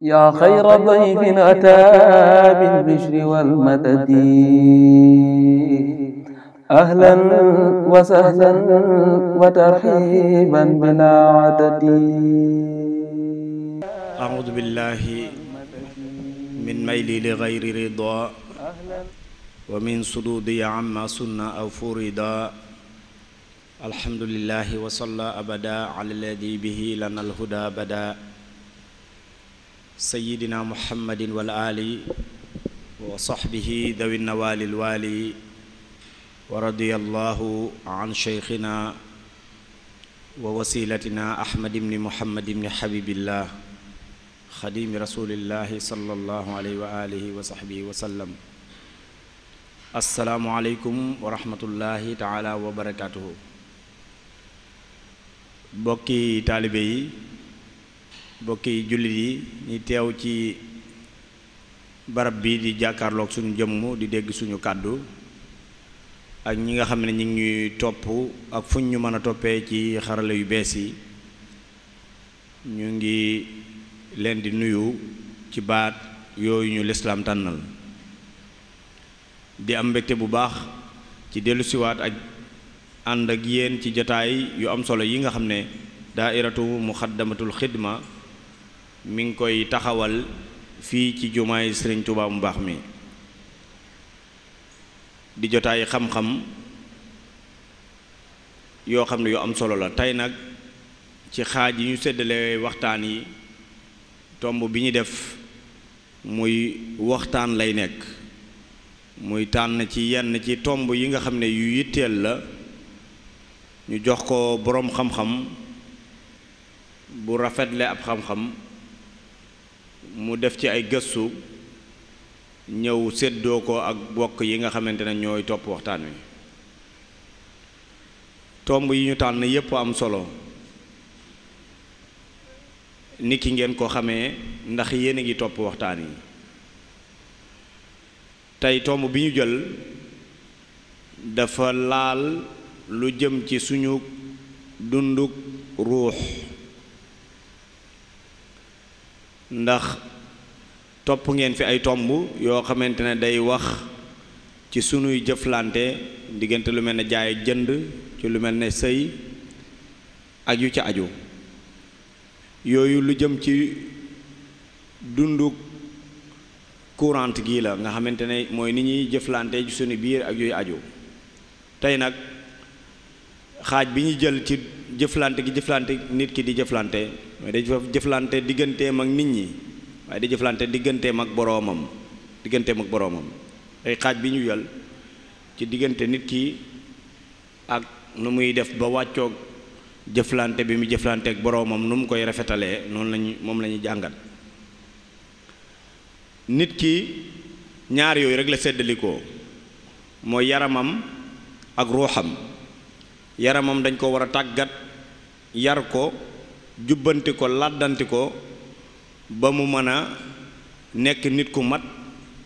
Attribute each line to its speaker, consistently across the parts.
Speaker 1: yaa xayra dayfin ataa bil bishri wal madadi ahlan wa sahlan wa tarhiiban bilaa adadi.
Speaker 2: A'uudu billaahi min mayli li gayri ridaa
Speaker 1: wa
Speaker 2: min suduudi amma sunna aw furida alhamdulillaahi wa salla abadaa alaa ladii bihi lanal hudaa badaa sayidina muhammadin wal aali wa saxbihi dawi nawaali lwaali wa radiyallahu an sheykhina wa wasilatina ahmad ibni muhammad ibni habibillah xadimi rasulillahi sallallahu alayhi wa alihi wa saxbihi wa sallam asalaamualeykum wa rahmatullahi taala wa barakatuhu bokki taalibe yi bokki jullit yi ñu teew ci barab bi di jàkkaarloog suñu jëmm di dégg suñu kàddu ak ñi nga xam ne ñi ngi ñuy topp ak fuñ ñu mën a toppee ci xarala yu bees yi ñu ngi leen di nuyu ci baat yooyu ñu lislaam tànnal di am mbégte bu baax ci dellusiwaat ak ànd ak yéen ci jataay yu am solo yi nga xam ne daairatu muxaddamatul xidma mi ngi koy taxawal fii ci jumaay sëriñ Tuubaa mu baax mi di jotaay xam-xam yoo xam ne yu am solo la tey nag ci xaaj yi ñu séddale waxtaan yi tomb bi ñu def muy waxtaan lay nekk muy tànn ci yenn ci tomb yi nga xam ne yu yitteel la ñu jox ko boroom xam-xam bu rafetle ab xam-xam mu def ci ay gëstu ñëw seddoo ko ak bokk yi nga xamante ne ñooy topp waxtaan wi tomb yi ñu tànn yépp am solo nit ki ngeen koo xamee ndax yéen a ngi topp waxtaan wi tey tomb bi ñu jël dafa laal lu jëm ci suñu dund ruux ndax topp ngeen fi ay tomb yoo xamante ne day wax ci sunuy jëflante diggante lu mel ne jaay jënd ci lu mel ne sëy ak yu ci aju yooyu lu jëm ci dundu courant gii la nga xamante ne mooy ni ñuy jëflante ci sunu biir ak yooyu aju tey nag xaaj bi ñu jël ci jëflante gi jëflante nit ki di jëflante mooy day jëflante digganteem ak nit ñi waaye day jëflante digganteem ak boroomam digganteem ak boroomam ay xaaj bi ñu yal ci diggante nit ki ak nu muy def ba wàccook jëflante bi mu jëflanteek boroomam nu mu koy rafetalee noonu lañu moom lañuy ñuy jàngat nit ki ñaar yooyu rek la seddalikoo mooy yaramam ak ruuxam yaramam dañ ko war a tàggat yar ko jubbanti ko làddanti ko ba mu mën a nekk nit ku mat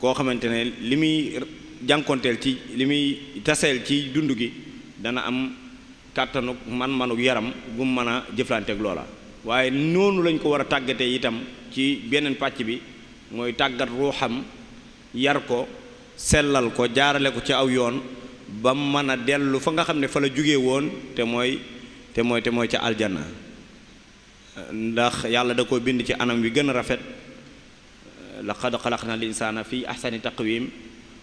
Speaker 2: koo xamante ne li muy jànkonteel ci li muy taseel ci dund gi dana am kàttanuk man-manuk yaram bu mu mën a jëflanteeg loola waaye noonu lañ ko war a tàggatee itam ci beneen pàcc bi mooy tàggat ruuxam yar ko sellal ko jaarale ko ci aw yoon ba mën a dellu fa nga xam ne fa la jóge woon te mooy te mooy mooy ca aljanna ndax yàlla da ko bind ci anam wi gën a rafet la laqad xalaqna al insaana fii ahsani taqwim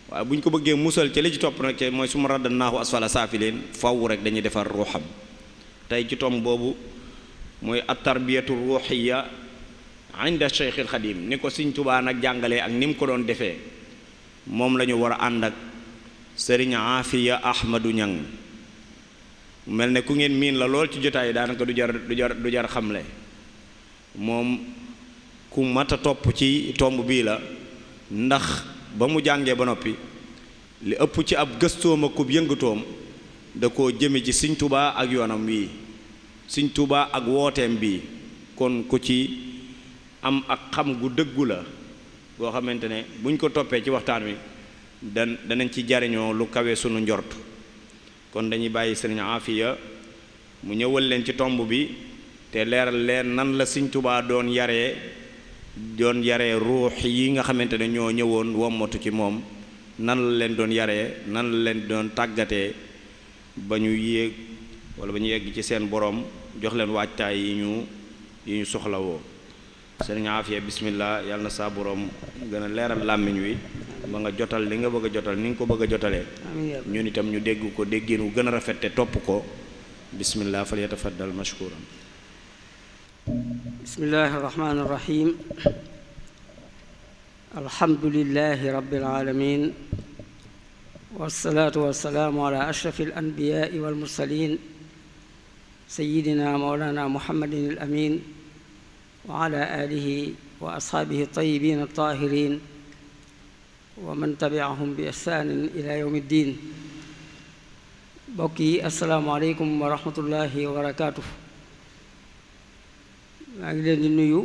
Speaker 2: waaye bu ñu ko bëggee musal ci li ci topp nag mooy su ma raddanaahu asfala saafiliin faw rek dañuy defar ruuxam tey ci tom boobu mooy at tarbiyatu ruuxiya inda cheikhil xadim ni ko Sëriñ Tuubaa nag jàngalee ak ni mu ko doon defee moom la war a ànd ak sëriñ Aafiya Ahmadu Ñang mel ne ku ngeen miin la lool ci jotaay daanaka du jar du jar du jar xamle moom ku mat a topp ci tomb bii la ndax ba mu jàngee ba noppi li ëpp ci ab gëstooma ak kub yëngatoom da ko jëme ci Sëñ Tuubaa ak yoonam wii Sëñ Tuubaa ak wooteem bii kon ku ci am ak xam gu dëggu la boo xamante ne buñ ko toppee ci waxtaan wi dan danañ ci jariñoo lu kawe sunu njort kon dañuy bàyyi sëriñ Afiya mu ñëwal leen ci tomb bi te leeral leen nan la Sëñ Tuubaa doon yaree doon yaree ruux yi nga xamante ne ñoo ñëwoon wommatu ci moom nan la leen doon yaree nan la leen doon tàggatee ba ñu yéeg wala ba ñu yegg ci seen borom jox leen waajtaay yi ñu yi ñu soxlawoo sëriñ Afia bismillah yàlla na saa borom gën a leeral làmmiñ wi ba nga jotal li nga bëgg jotal ni nga ko bëgg a jotalee ñun itam ñu dégg ko déggeen wu gën a rafet te topp ko bismillah fal yatafaddal mashkuran
Speaker 1: بسم الله الرحمن الرحيم الحمد لله رب العالمين والصلاة والسلام على أشرف الأنبياء والمرسلين سيدنا مولانا محمد الأمين وعلى آله وأصحابه الطيبين الطاهرين ومن تبعهم بإحسان إلى يوم الدين bokk yi asalaamaaleykum wa rahmatullahi wa barakaatu maa ngi leen di nuyu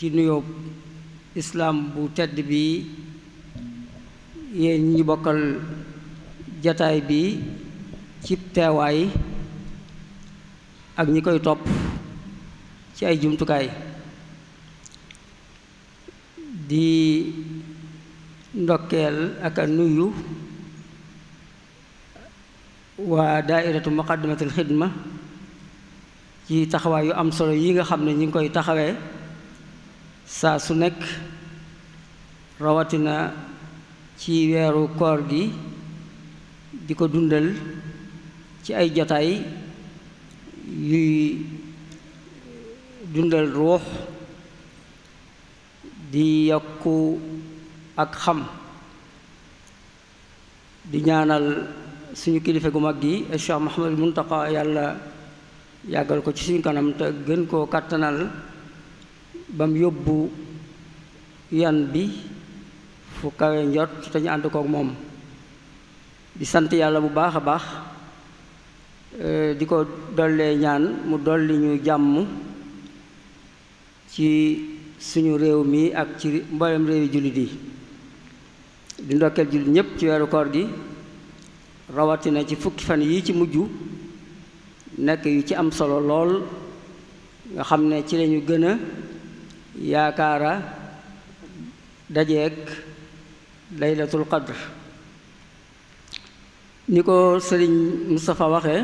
Speaker 1: ci nuyoo islaam bu tedd bii yéen ñi bokkal jataay bi cib teewaay ak ñi koy topp ci ay jumtukaay di ndokkeel ak a nuyu waa daairatu muqaddamatul xidma ci taxawaay yu am solo yi nga xam ne ñu ngi koy taxawee saa su nekk rawatina ci weeru koor gi di ko dundal ci ay jataay yuy dundal ruux di yokku ak xam di ñaanal suñu kilifa gu mag gi Cheikh Mouhamadul Muntaqa yàlla yàggal ko ci suñ kanam te gën koo kàttanal bam yóbbu yan bi fu kawe njot te ñu ànd kook moom di sant yàlla bu baax a baax eh, di ko dollee ñaan mu dolli ñu jàmm ci suñu réew mi ak ci mboolem réewi jullit yi di ndokkeel jullit ñépp ci weeru koor gi rawatina ci fukki fan yi ci mujj nekk yi ci am solo lool nga xam ne ci lañu gën a yaakaara dajeek laylatul qadr ni ko sëriñ Moustapha waxee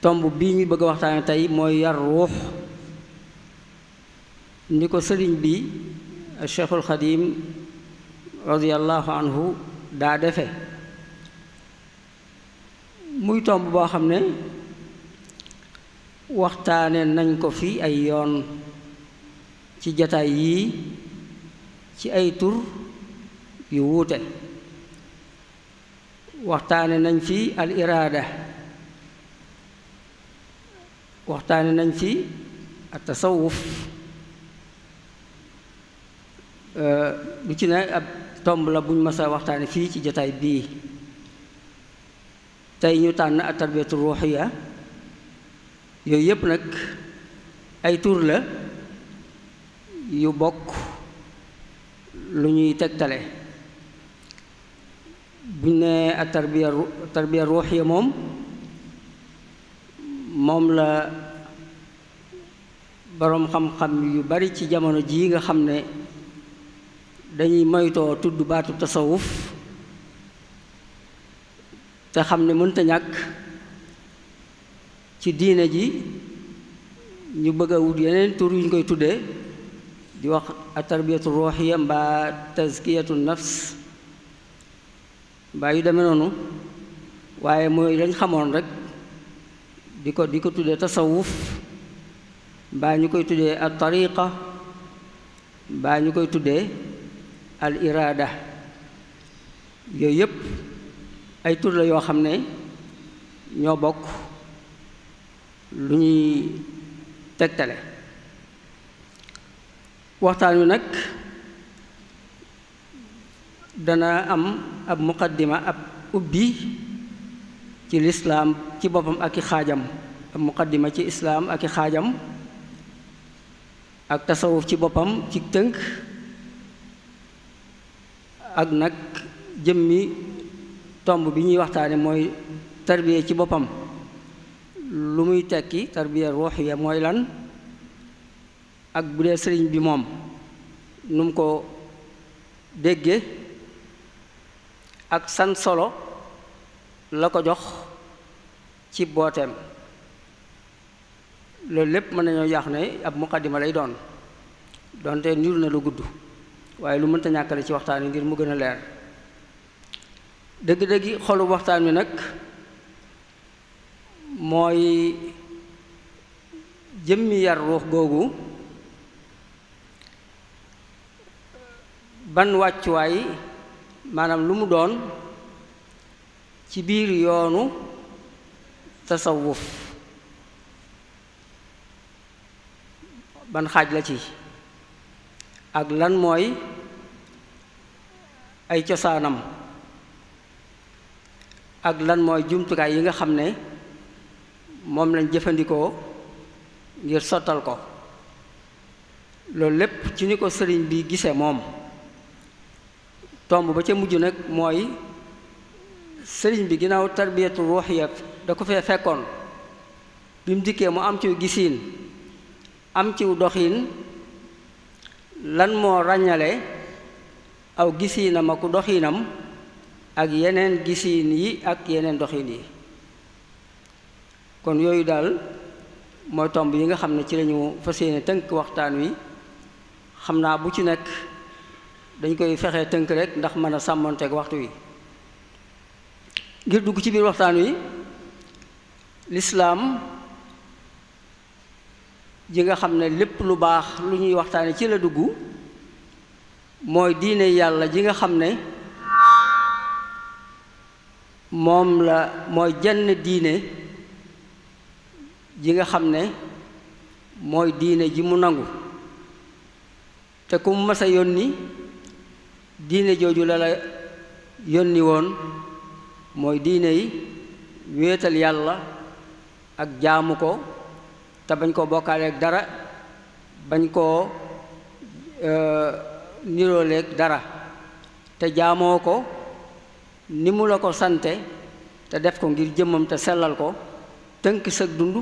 Speaker 1: tomb bii ñu bëgg a waxtaane tey mooy yar ruux ni ko sëriñ bi Cheikhul Xadim radiallahu anhu daa defe muy tomb boo xam ne waxtaane nañ ko fii ay yoon ci jataay yii ci ay tur yu wuute waxtaane nañ fi al iraada waxtaane nañ fi at tasawuf lu ci ne ab tomb la buñ mës a waxtaane fii ci jataay bii tey ñu tànn ak tarbiyatu ruuxiya yooyu yépp nag ay tur la yu bokk lu ñuy tegtale buñ ne at tarbiya tarbiya ruuxiya moom moom la boroom xam-xam yu bari ci jamono jii nga xam ne dañuy moytoo tudd baatu tasawuf te xam ne mënta ñàkk ci diine ji ñu bëgg a wut yeneen tur yuñ koy tuddee di wax atarbiyatu ruuxiya mbaa tazkiyatu nafs mbaa yu deme noonu waaye mooy lañ xamoon rekk di ko di ko tuddee tasawuf mbaa ñu koy tuddee al tariqa mbaa ñu koy tuddee al iraada yooyu yépp ay tur yoo xam ne ñoo bokk lu ñuy tegtale waxtaan wi nag dana am ab muqaddima ab ubbi ci lislaam ci boppam ak i xaajam ab muqaddima ci islaam ak i xaajam ak tasawuf ci boppam ci tënk ak nag jëmmi tomb bi ñuy waxtaane mooy tarbiya ci boppam lu muy tekki tarbiya ruuxiya mooy lan ak bu dee sëriñ bi moom num ko dégge ak san solo la ko jox ci booteem loolu lépp mën nañoo yaax ne ab muqaddima lay doon donte niru na lu gudd waaye lu mënta ñàkkale ci waxtaan wi ngir mu gën a leer dëgg-dëggi xolu waxtaan wi nag mooy jëmmi yar ruux googu ban wàccuwaay maanaam lu mu doon ci biir yoonu tasawuf ban xaaj la ci ak lan mooy ay cosaanam ak lan mooy jumtukaay yi nga xam ne moom lañ jëfandikoo ngir sottal ko loolu lépp ci ñu ko sëriñ bi gisee moom tomb ba ca mujj nag mooy sëriñ bi ginnaaw tarbiyatu ruuxiya da ko fee fekkoon bi mu dikkee mu am ciw gisiin am ciw doxiin lan moo ràññale aw gisiinam ak doxiinam ak yeneen gisiin yi ak yeneen doxin yi kon yooyu daal mooy tomb yi nga xam ne ci lañu fas yéene tënk waxtaan wi xam naa bu ci nekk dañ koy fexe tënk rekk ndax mën a sàmmonteeg waxtu wi ngir dugg ci biir waxtaan wi lislaam ji nga xam ne lépp lu baax lu ñuy waxtaane ci la dugg mooy diine yàlla ji nga xam ne moom la mooy jenn diine ji nga xam ne mooy diine ji mu nangu te ku mu mës yónni diine jooju la la yónni woon mooy diine yi wéetal yàlla ak jaamu ko te bañ koo bokkaaleeg dara bañ koo euh, nirooleeg dara te jaamoo ko ni mu la ko sante te def ko ngir jëmmam te sellal ko tënk sag dund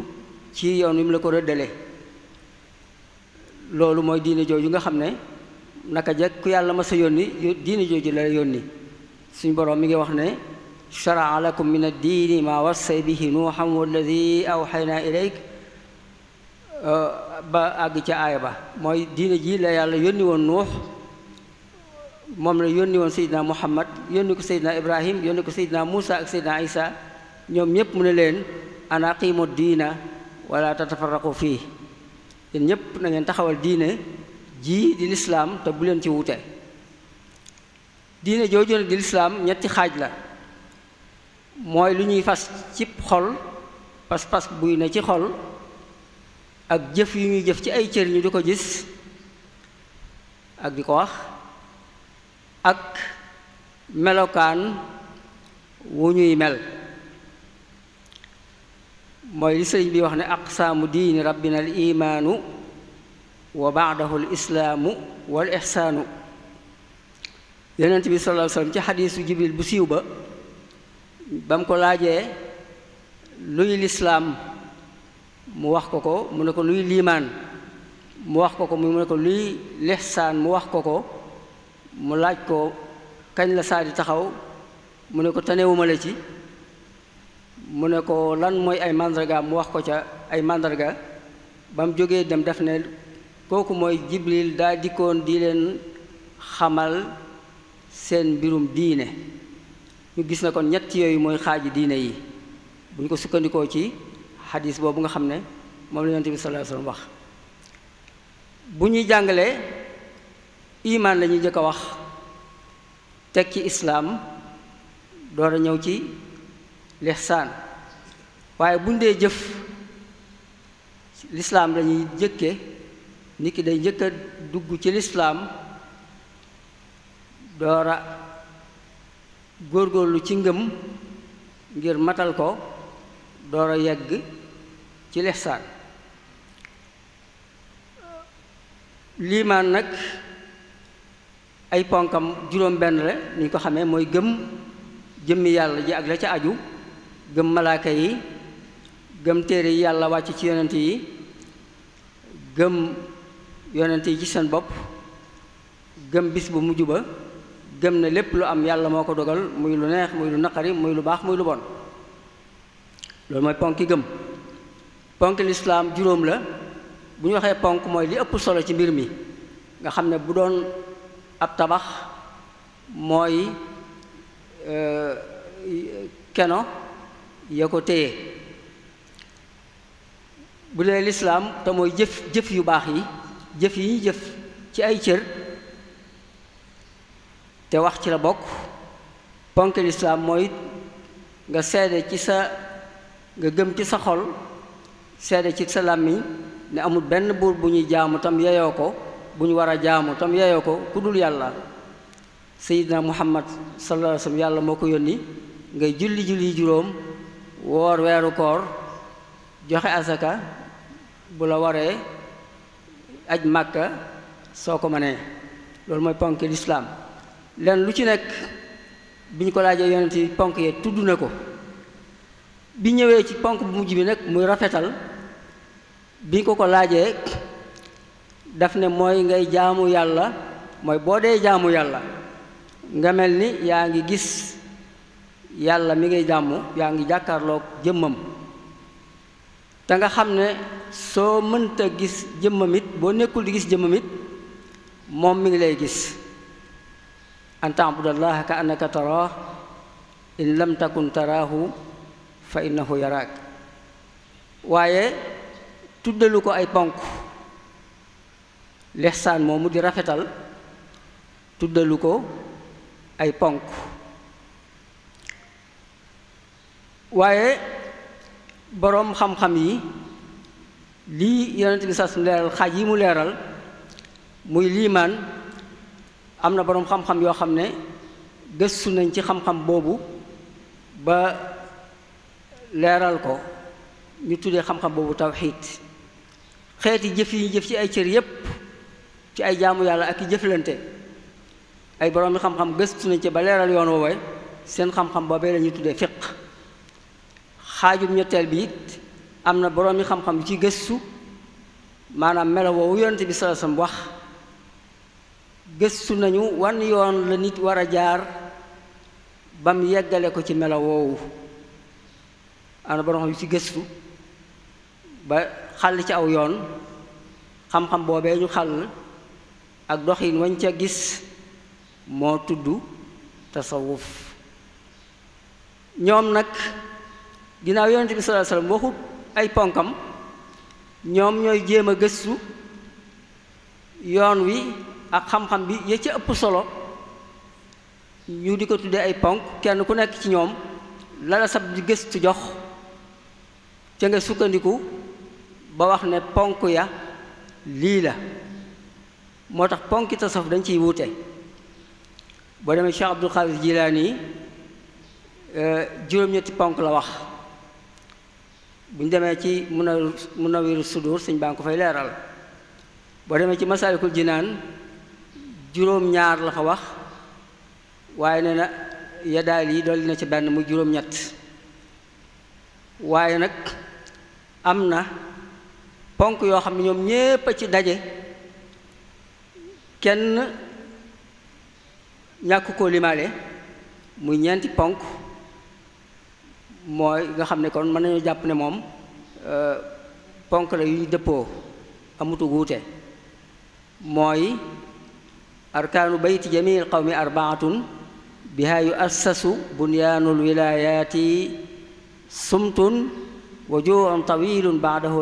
Speaker 1: ci yoon wi mu la ko rëddale loolu mooy diine jooju nga xam ne naka jekk ku yàlla ma sa yónni diine jooju la yónni suñ boroom mi ngi wax ne sharaa lakum min addiini maa wassay bihi nuuxan walladi awxaynaa ilayk ba àgg ca aaya ba mooy diine ji la yàlla yónni woon nuux moom la yónni woon Seydina Muhammad yónni ko Seydina Ibrahim yónni ko Seydina Moussa ak Seydina Isa ñoom ñëpp mu ne leen an aqimu diina wala tatafarraqu fii yéen ñëpp na taxawal diine ji di lislaam te bu leen ci wute diine jooju nag di lislaam ñetti xaaj la mooy lu ñuy fas cib xol pas-pas buy na ci xol ak jëf yu ñuy jëf ci ay cër ñu di ko gis ak di ko wax ak melokaan wu ñuy mel mooy li bi wax ne aqsaamu diini rabbina al imaanu wa baadahu al islaamu wal ixsaanu yonent bi sallallahu alayhi ci xadiisu jibril bu siiw ba bam ko laajee luy lislaam mu wax ko ko mu ne ko luy liimaan mu wax ko ko mu ne ko luy lixsaan mu wax ko ko mu laaj ko kañ la saa di taxaw mu ne ko tanewuma la ci mu ne ko lan mooy ay màndarga mu wax ko ca ay màndarga ba mu jógee dem def ne kooku mooy jibril daa dikkoon di leen xamal seen mbirum diine ñu gis na kon ñett yooyu mooy xaaj diine yi bu ñu ko sukkandikoo ci xadis boobu nga xam ne moom la yonent bi sallallahu wax bu ñuy jàngalee imaan lañuy ñuy jëkk a wax teg ci islaam doora ñëw ci lixsaan waaye buñ dee jëf lislaam lañuy jëkke nit ki day njëkk dugg ci lislaam door a góorgóorlu ci ngëm ngir matal ko door a yegg ci lixsaan liimaan nag ay ponkam juróom-benn la ni ñu ko xamee mooy gëm jëmmi yàlla ji ak la ca aju gëm malaaka yi gëm téere yi yàlla wàcc ci yonent yi gëm yonent yi ci seen bopp gëm bis bu mujj ba gëm ne lépp lu am yàlla moo ko dogal muy lu neex muy lu naqari muy lu baax muy lu bon loolu mooy ponki gëm ponk lislaam juróom la bu ñu waxee ponk mooy li ëpp solo ci mbir mi nga xam ne bu doon ab tabax mooy euh, keno ya ko téye bu dee lislaam te mooy jëf jëf yu baax yi jëf yi ñuy jëf ci ay cër te wax ci la bokk ponk lislaam mooy nga seede ci sa nga gëm ci sa xol seede ci sa làmmiñ ne amul benn buur bu ñuy jaamu tam yeyoo ko bu ñu war a jaamu tam yeyoo ko ku dul yàlla sayidna muhammad sallallahu alayhi wasallam yàlla moo ko yónni ngay julli julli juróom woor weeru koor joxe asaka bu la waree aj màkka soo ko mënee loolu mooy ponk lislaam lenn lu ci nekk bi ñu ko laajee yonent ponk yee tudd na ko bi ñëwee ci ponk bu mujj bi nag muy rafetal bi ñu ko ko laajee daf ne mooy ngay jaamu yàlla mooy boo dee jaamu yàlla nga mel ni yaa ngi gis yàlla mi ngay jàmm yaa ngi jàkkaarloog jëmmam te nga xam ne soo mënta gis jëmmam it boo nekkul di gis jëmmam it moom mi ngi lay gis an taabudallaha ka annaka tarah in lam takun taraahu fa innahu yaraak waaye tuddalu ko ay ponk lexsaan mu di rafetal tuddalu ko ay ponk waaye boroom xam-xam yi lii yonent bi sas leeral xaaj yi mu leeral muy liimaan am na boroom xam-xam yoo xam ne gëstu nañ ci xam-xam boobu ba leeral ko ñu tuddee xam-xam boobu tawxiid xeeti jëf yi ñu jëf ci ay cër yépp ci ay jaamu yàlla ak i jëflante ay boroomi xam-xam gëstu nañ ci ba leeral yoon woowee seen xam-xam boobee la ñuy tuddee fiq xaajub ñetteel bi it am na boroomi xam-xam yu ci gëstu maanaam melo woowu yonent bi wax gëstu nañu wan yoon la nit war a jaar ba yeggale ko ci melo woowu am na borom xam yu ci gëstu ba xàll ci aw yoon xam-xam boobee ñu xàll ak doxin wañ ca gis moo tudd tasawuf ñoom nag ginnaaw yonent bi sa alayhi waxut ay ponkam ñoom ñooy jéem a gëstu yoon wi ak xam-xam bi ya ca ëpp solo ñu di ko tuddee ay ponk kenn ku nekk ci ñoom lala sab di gëstu jox ca nga sukkandiku ba wax ne ponk ya lii la moo tax ponki tasawuf dañ ciy wuute boo demee Cheikh Abdul Xaadir Jilaani eh, juróom-ñetti ponk la wax bu ñu demee ci Munawiru Sudur suñ baa ngi ko fay leeral boo demee ci Masaalikul Jinaan juróom-ñaar la fa wax waaye nee na yadaal yi dolli na ci benn mu juróom-ñett waaye nag am na ponk yoo xam ne ñoom ñépp a ci daje kenn ñàkk koo limaale muy ñeenti ponk mooy nga xam ne kon mën nañu jàpp ne moom euh, ponk la yu ñu dëppoo amutu wuute mooy arkaanu bayti jamil qawmi arbaatun biha yu assasu bunyaanul wilayaati sumtun wa juun tawilun baadahu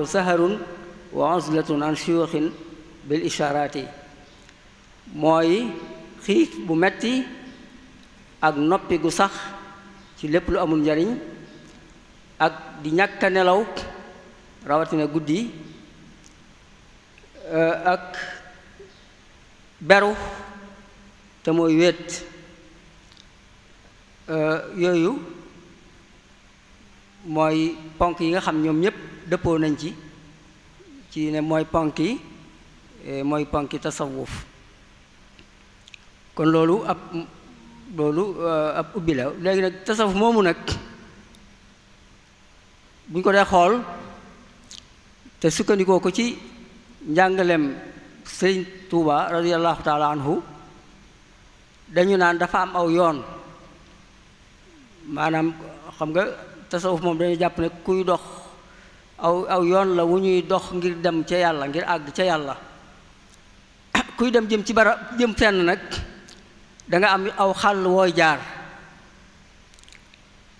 Speaker 1: wa uzlatun an bil ishaaraati mooy xiif bu metti ak noppi gu sax ci lépp lu amul njariñ ak di ñàkk nelaw rawatina guddi euh, ak beru te mooy wéet euh, yooyu mooy ponk yi nga xam ñoom ñépp dëppoo nañ ci ci ne mooy ponk yi euh, mooy ponk yi tasawuf kon loolu ab loolu euh, ab ubbi la léegi nag tasawuf moomu nag bu ñu ko dee xool te sukkandikoo ko ci njàngaleem sëy Tuuba radiyallahu taala anhu dañu naan dafa am aw yoon maanaam xam nga tasawuf moom dañu jàpp ne kuy dox aw aw yoon la wu ñuy dox ngir dem ca yàlla ngir àgg ca yàlla kuy dem jëm ci bara jëm fenn nag danga am aw xàll wooy jaar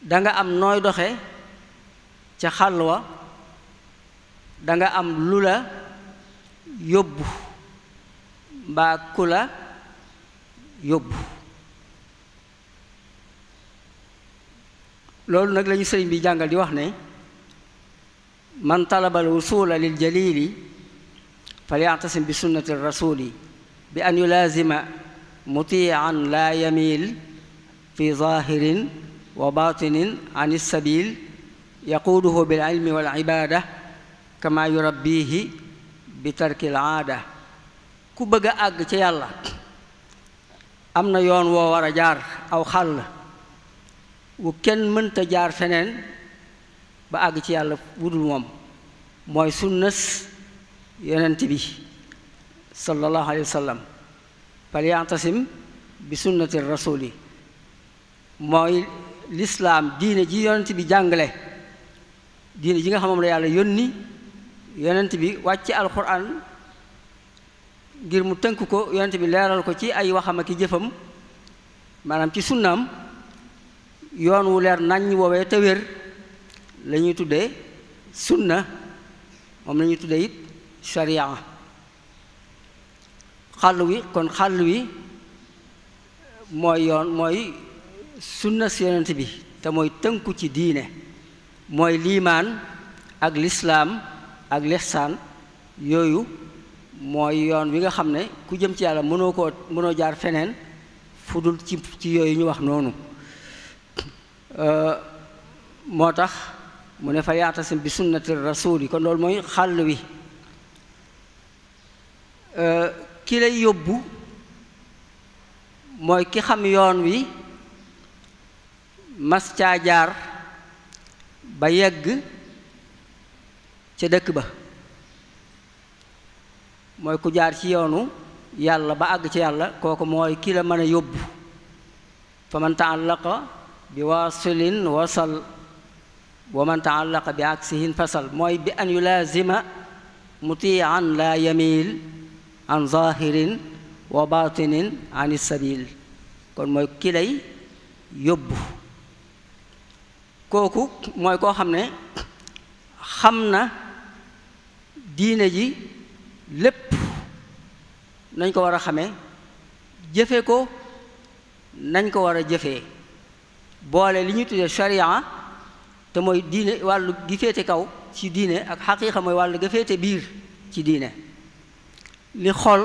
Speaker 1: danga am nooy doxe ca xàll wa danga am lu la yóbbu mbaa ku la yóbbu loolu nag lañu sëriñ bi jàngal di wax ne man talabal wusula lil jalili falyaatasim bi sunnati rasuli bi an yulaazima mutian laa yamiil fi zahirin wa batinin an ilsabil yaquuduhu bililmi walibada kama yurabbihi bi tarkil aada ku bëgg a àgg ci yàlla am na yoon woo war a jaar aw xàll wu kenn mënta jaar feneen ba àgg ci yàlla wudul moom mooy sunnas yonent bi sallallahu alayhi wa falyantasim bi sunnati rasuli mooy lislaam diine ji yonent bi jàngale diine ji nga xam moom la yàlla yónni yonent bi wàcce alquran ngir mu tënk ko yonent bi leeral ko ci ay waxam ak i jëfam maanaam ci sunnaam yoon wu leer naññ woowee te wér la ñuy tuddee sunna moom lañuy ñuy tuddee it sharia xàll wi kon xàll wi mooy yoon mooy sunna si bi te mooy tënku ci diine mooy liimaan ak lislaam ak lixsaan yooyu mooy yoon wi nga xam ne ku jëm ci yàlla mënoo ko mënoo jaar feneen fudul dul ci ci yooyu ñu wax noonu euh, moo tax mu ne fa yaatasim bi sunnati rasuul yi kon loolu mooy xàll wi euh, ki lay yóbbu mooy ki xam yoon wi mas caa jaar ba yegg ca dëkk ba mooy ku jaar ci yoonu yàlla ba àgg ci yàlla kooku mooy ki la mën a yóbbu fa man taallaqa bi waasilin wasal wa man taallaqa bi aksihin fasal mooy bi an yulaazima mutian la yamiil an zahirin wa batinin an sabil kon mooy ki yóbbu kooku mooy koo xam ne xam na diine ji lépp nañ ko war a xame jëfe ko nañ ko war a jëfee boole li ñuy tuddee sharia te mooy diine wàllu gi féete kaw ci diine ak xaqiiqa mooy wàllu ga féete biir ci diine li xol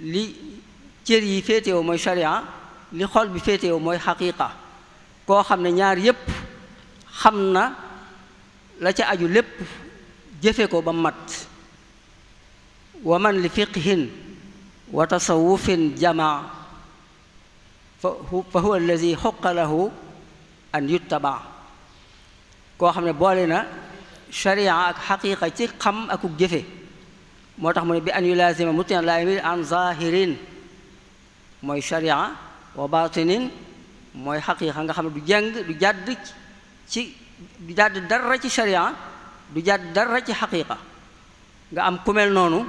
Speaker 1: li cër yi féetewu mooy sharia li xol bi féetewu mooy xaqiqa koo xam ne ñaar yépp xam na la ca aju lépp jëfe ko ba mat wa man li fiqhin wa tasawufin jamaa fa huwa allazi xoqa lahu an yuttaba koo xam ne boole na sharia ak xaqiqa ci xam akuk jëfe moo tax mu ne bi an yulaazima mutina laa yamil an zahirin mooy sharia wa batinin mooy xaqiiqa nga xam ne du jàng du jàdd ci du jàdd dara ci sharia du jàdd dara ci xaqiiqa nga am ku noonu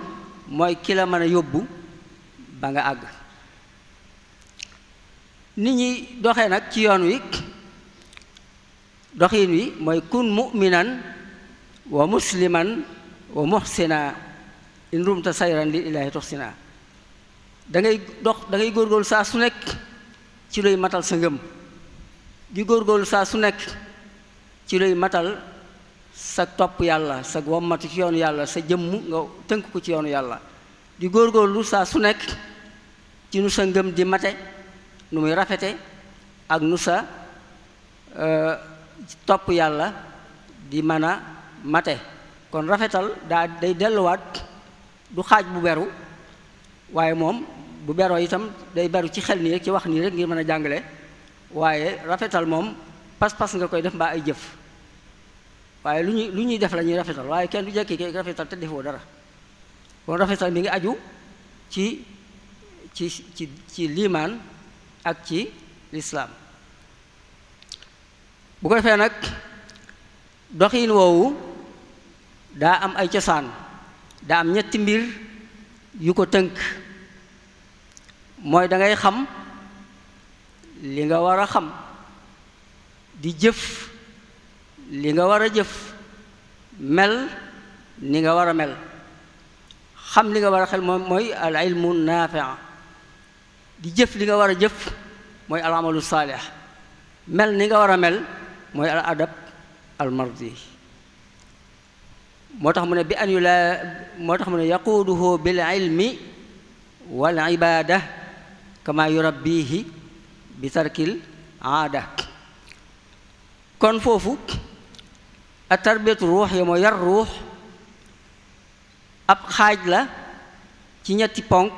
Speaker 1: mooy ki la mën a yóbbu ba nga àgg nit ñi doxee nag ci yoon wi doxin wi mooy kun mu'minan wa musliman wa muhsina in rumta sayran li ilaahi toxsinaa da ngay dox da ngay góorgóorlu saa su nekk ci luy matal sa ngëm di góorgóorlu saa su nekk ci luy matal sa topp yàlla sa wommatu ci yoonu yàlla sa jëmm nga tënk ko ci yoonu yàlla di góorgóorlu saa su nekk ci nu sa ngëm di mate nu muy rafete ak nu sa e, topp yàlla di mën a mate kon rafetal daa day delluwaat du xaaj bu beru waaye moom bu beroo itam day beru ci xel nii rek ci wax nii rek ngir mën a jàngale waaye rafetal moom pas-pas nga koy def mbaa ay jëf waaye lu ñuy lu ñuy def la ñuy rafetal waaye kenn du jekki kay rafetal te defoo dara kon rafetal mi ngi aju ci ci ci ci liimaan ak ci lislaam bu ko defee nag doxin woowu daa am ay cosaan daa am ñetti mbir yu ko tënk mooy dangay xam li nga war a xam di jëf li nga war a jëf mel ni nga war a mel xam li nga war a xel moom mooy al ilmu di jëf li nga war a jëf mooy al amalu saalix mel ni nga war a mel mooy al adab al mardi moo tax mu ne bi an yu laa moo tax mu ne yaquuduhu bil ilmi wal ibaada kama yurabbihi bi tarkil aada kon foofu a tarbiyatu ruux ya moo yar ruux ab xaaj la ci ñetti ponk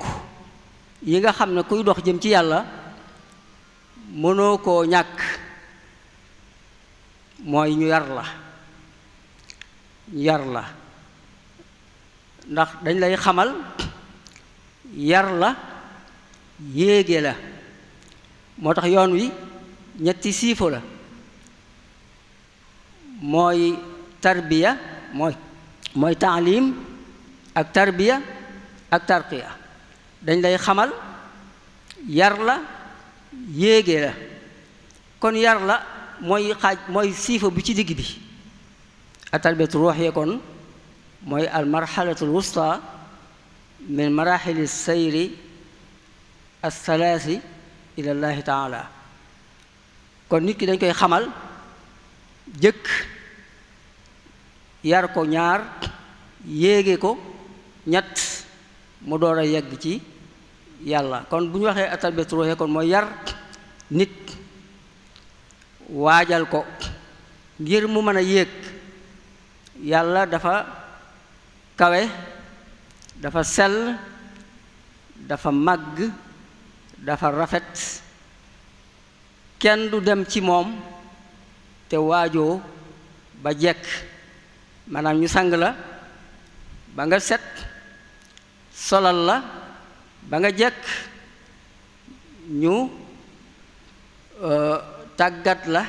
Speaker 1: yi nga xam ne kuy dox jëm ci yàlla mënoo ko ñàkk mooy ñu yar la yar la ndax dañ lay xamal yar la yéege la moo tax yoon wi ñetti siifo la mooy tarbiya mooy mooy taalim ak tarbiya ak tarqiya dañ lay xamal yar la yéege la kon yar la mooy xaaj mooy siifo bi ci digg bi atarbiyatu ruuxiya kon mooy al marxalatul wusta min maraxili sayri althalaasi ilallaahi taala kon nit ki dañ koy xamal jëkk yar ko ñaar yéege ko ñett mu door a yegg ci yàlla kon bu ñu waxee atarbiyatu ruuxiya kon mooy yar nit waajal ko ngir mu mën a yéeg yàlla dafa kawe dafa sell dafa màgg dafa rafet kenn du dem ci moom te waajoo ba jekk maanaam ñu sang la ba nga set solal la ba nga jekk ñu euh, tàggat la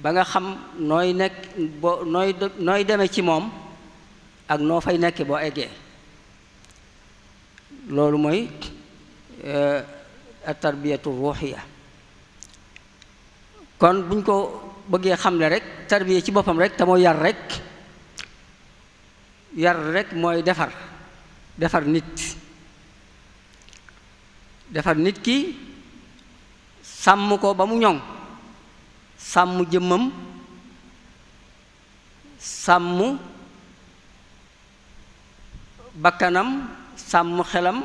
Speaker 1: ba nga xam nooy nekk boo nooy nooy deme ci moom ak noo fay nekke boo eggee loolu mooy e, tarbiyatu ruuxiya kon buñ ko bëggee xam xamle rek tarbiya ci boppam rek te mooy yar rek yar rek mooy defar defar nit defar nit ki sàmm ko ba mu ñoŋ sàmm jëmmam sàmm bakkanam sàmm xelam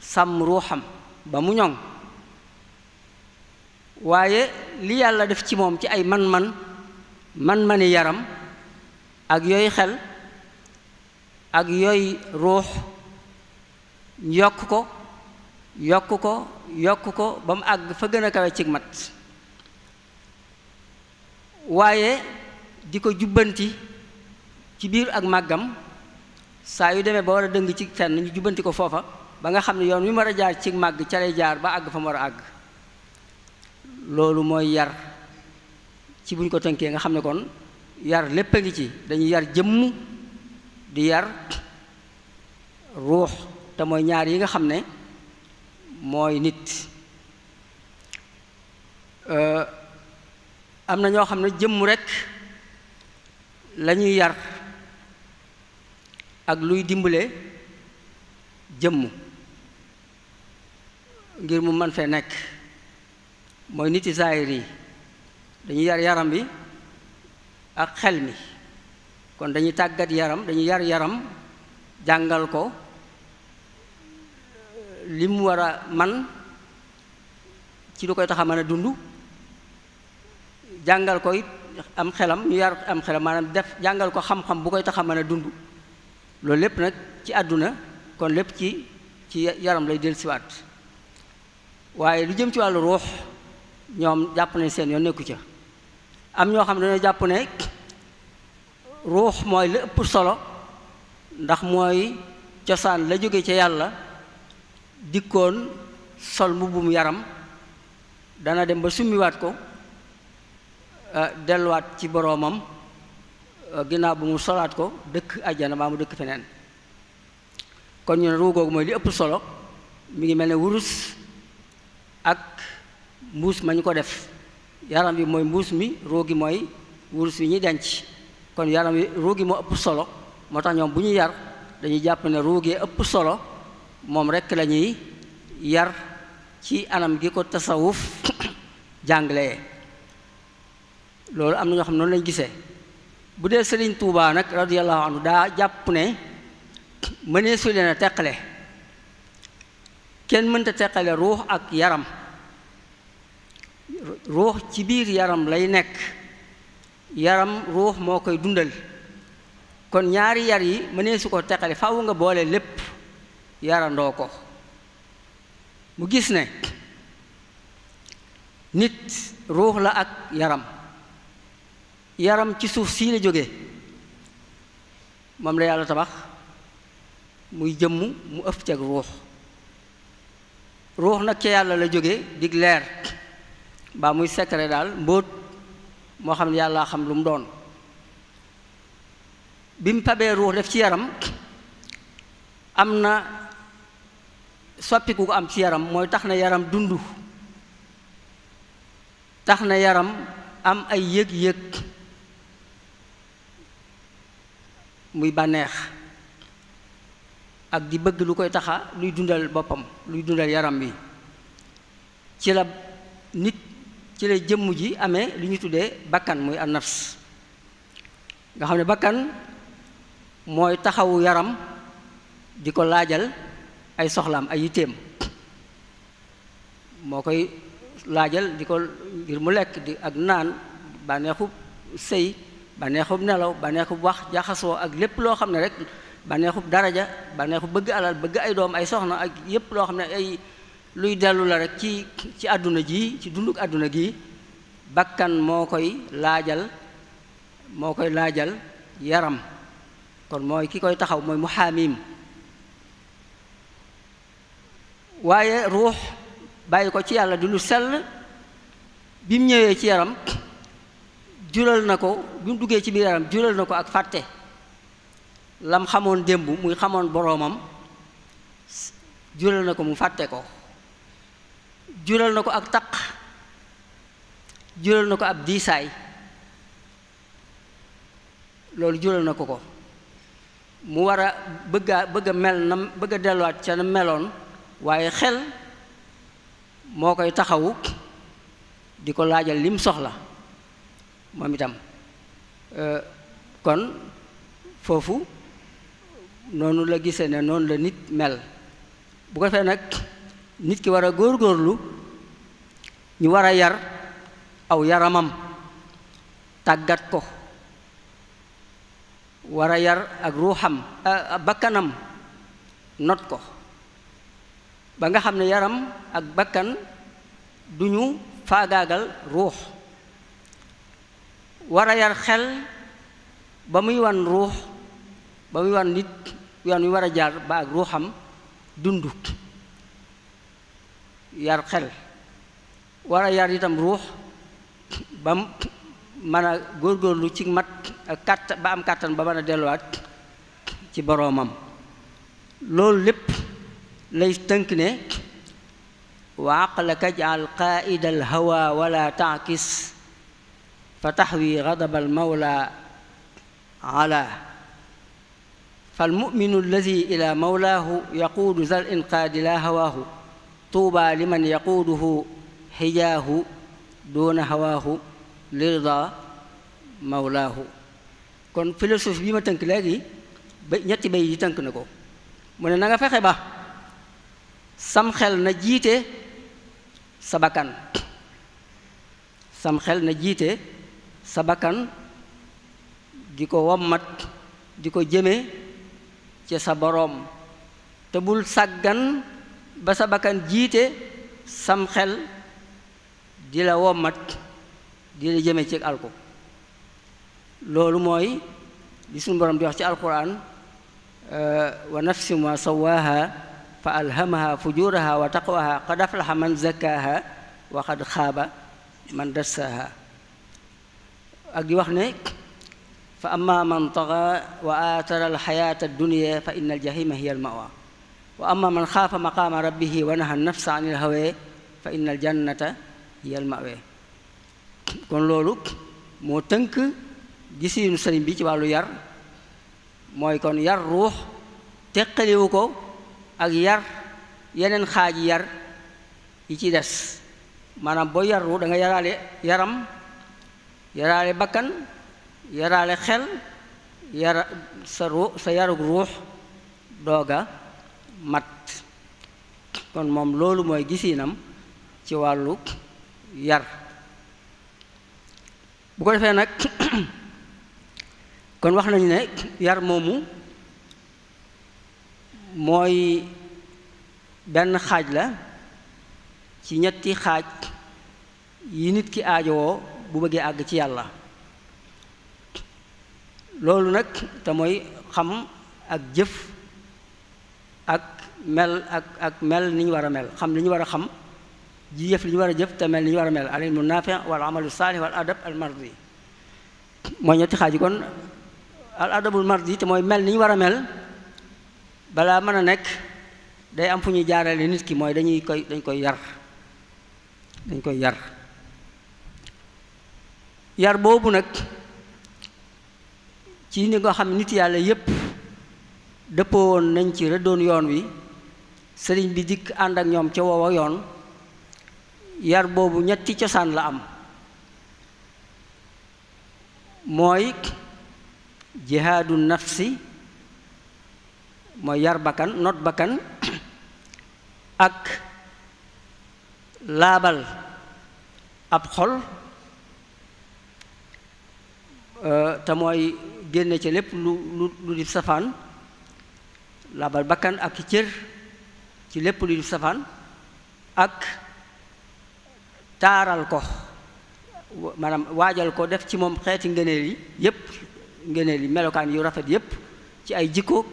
Speaker 1: sàmm ruuxam ba mu ñoŋ waaye li yàlla def ci moom ci ay man-man man-mani yaram ak yooyu xel ak yooyu ruux yokk ko yokk ko yokk ko ba mu àgg fa gën a kawe cig mat waaye di ko jubbanti ci biir ak màggam saa yu demee ba war a dëng ci fenn ñu jubbanti ko foofa ba nga xam ne yoon wi mu war a jaar ci màgg ca lay jaar ba àgg fa mu war a àgg loolu mooy yar ci buñ ko tënkee nga xam ne kon yar lépp a ngi ci dañu yar jëmm di yar ruux te mooy ñaar yi nga xam ne mooy nit am na ñoo xam ne jëmm rekk lañuy yar ak luy dimbale jëmm ngir mu man fee nekk mooy niti zaahir yi dañuy yar yaram bi ak xel mi kon dañuy tàggat yaram dañuy yar yaram jàngal ko li mu war a man ci lu koy taxa a mën a dund jàngal ko it am xelam ñu yar am xelam maanaam def jàngal ko xam-xam bu koy tax a a dund loolu lépp nag ci àdduna kon lépp ci ci yaram lay dellusiwaat waaye lu jëm ci wàllu ruux ñoom jàpp nañ seen yoon nekku ca am ñoo xam ne dañoo jàpp ne ruux mooy la solo ndax mooy cosaan la jóge ca yàlla dikkoon sol mbubbum yaram dana dem ba summiwaat ko Euh, delluwaat ci boroomam euh, ginnaaw bu mu solaat ko dëkk ajjana maa mu dëkk feneen kon ñu ne ruu mooy li ëpp solo mi ngi mel ne wurus ak mbuus ma ñu ko def yaram bi mooy mbuus mi ruu gi mooy wurus wi ñuy denc kon yaram wi ruu gi moo ëpp solo moo tax ñoom bu ñu yar dañuy jàpp ne ruu ëpp solo moom rekk lañuy yar ci anam gi ko tasawuf jàngle loolu am na ñoo xam noonu lañ gisee bu dee sëriñ Touba nag radiyallahu anhu daa jàpp ne mënee su leen a teqale kenn mënta teqale ruux ak yaram ruux ci biir yaram lay nekk yaram ruux moo koy dundal kon ñaari yar yi mënee su ko teqale faaw nga boole lépp yarandoo ko mu gis ne nit ruux la ak yaram yaram ci suuf sii la jógee moom la yàlla tabax muy jëmm mu ëf ci ak ruux ruux nag ca yàlla la jóge dig leer baa muy secret daal mbóot moo xam ne yàlla xam lu mu doon bi mu pabee ruux def ci yaram am na soppiku ko am ci yaram mooy tax na yaram dund tax na yaram am ay yëg-yëg muy bànneex ak di bëgg lu koy taxa luy dundal boppam luy dundal yaram wi ci la nit ci la jëmm ji ame lu ñu tuddee bàkkan muy annafs nga xam ne bakkan mooy taxawu yaram di ko laajal ay soxlaam ay yitteem moo koy laajal di ko ngir mu lekk di ak naan bànneexu sëy bànneexub nelaw bànneexub wax jaxasoo ak lépp loo xam ne rek bànneexub daraja bànneexub bëgg alal bëgg ay doom ay soxna ak yépp loo xam ne ay luy dellu la rek ci ci àdduna ji ci dunduk àdduna gi bakkan moo koy laajal moo koy laajal yaram kon mooy ki koy taxaw mooy muhaamim waaye ruux bàyyi ko ci yàlla di lu sell bi mu ñëwee ci yaram jural na ko bi duggee ci biir yaram jural na ko ak fàtte lam xamoon démb muy xamoon boroomam jural na ko mu fàtte ko jural na ko ak taq jural na ko ab diisaay loolu jural na ko ko mu war a bëgga mel na bëgg a delluwaat ca na meloon waaye xel moo koy taxawu di ko laajal lim soxla moom itam euh, kon foofu noonu la gise ne noonu la nit mel bu ko defee nag nit ki war a góorgóorlu ñu war a yar aw yaramam tàggat ko war a yar ak ruuxam euh, bakkanam not ko ba nga xam ne yaram ak bakkan duñu faagaagal ruux war a yar xel ba muy wan ruux ba muy wan nit yoon wi war a jaar ba ak ruuxam dund yar xel war a yar itam ruux ba mën a góorgóorlu ci mat ak kàttan ba mën a delluwaat ci boroomam loolu lépp lay tënk ne wa aqlaka jaal qaida al hawa wala taakis fa taxwi gadabal mawla ala falmuminu alladi ila mawlaahu yaquudu zal inqaadi laa hawaahu tuuba liman yaquuduhu xijaahu duuna hawaahu lirda mawlaahu kon philosophe bi ma tënk léegi ba ñetti bay yi tënk na ko mu ne na nga fexe ba sam xel na jiite sa bakkan sam xel na jiite sa bakkan di ko wommat di ko jëme ci sa boroom te bul sàggan ba sa bakkan jiite sam xel di la wommat di la jëme ci alko loolu mooy li suñu boroom di wax ci alquran euh, wa nafsin wa sawaaha fa alhamaha fujuraha wa taqwaha qad aflaha man zakkaaha wa qad xaaba man dassaaha ak di wax ne fa amma man taxa wa aatara alxayaata addunia fa inna aljahima hiya almawa wa amma man xaafa maqaama rabbihi wa naha nafsa an ilhawe fa inna aljannata hiya almawe kon loolu moo tënk gisiinu sëriñ bi ci wàllu yar mooy kon yar ruux teqaliwu ko ak yar yeneen xaaji yar yi ci des maanaam boo yar ruux da yaraale yaram yaraale bakkan yaraale xel yara sa ru sa yarug ruux dooga mat kon moom loolu mooy gisiinam ci wàllu yar bu ko defee nag kon wax nañu ne yar moomu mooy benn xaaj la ci ñetti xaaj yi nit ki aajowoo bu bëggee àgg ci yàlla loolu nag te mooy xam ak jëf ak mel ak ak mel ni ñu war a mel xam li ñu war a xam ji jëf li ñu war jëf te mel ni ñu war a mel al ilmu naafi wal amalu saalih wal adab al mardi mooy xaaj xaaji kon al adabul mardi te mooy mel ni ñu war a mel balaa mën a nekk day am fu ñuy jaarale nit ki mooy dañuy koy dañ koy yar dañ koy yar yar boobu nag ci ni nga xam nit yàlla yépp dëppoo woon nañ ci rëddoon yoon wi sëriñ bi dikk ànd ak ñoom ca woowa yoon yar boobu ñetti cosaan la am mooy jihaadu nafsi mooy yar bakkan not bakkan ak laabal ab xol Euh, te mooy génne ci lépp lu lu di safaan labal bakkan ak cër ci lépp lu di safaan ak taaral ko maanaam waajal ko def ci moom xeeti ngëneel yi yépp ngëneel yi melokaan yu rafet yépp ci ay jikko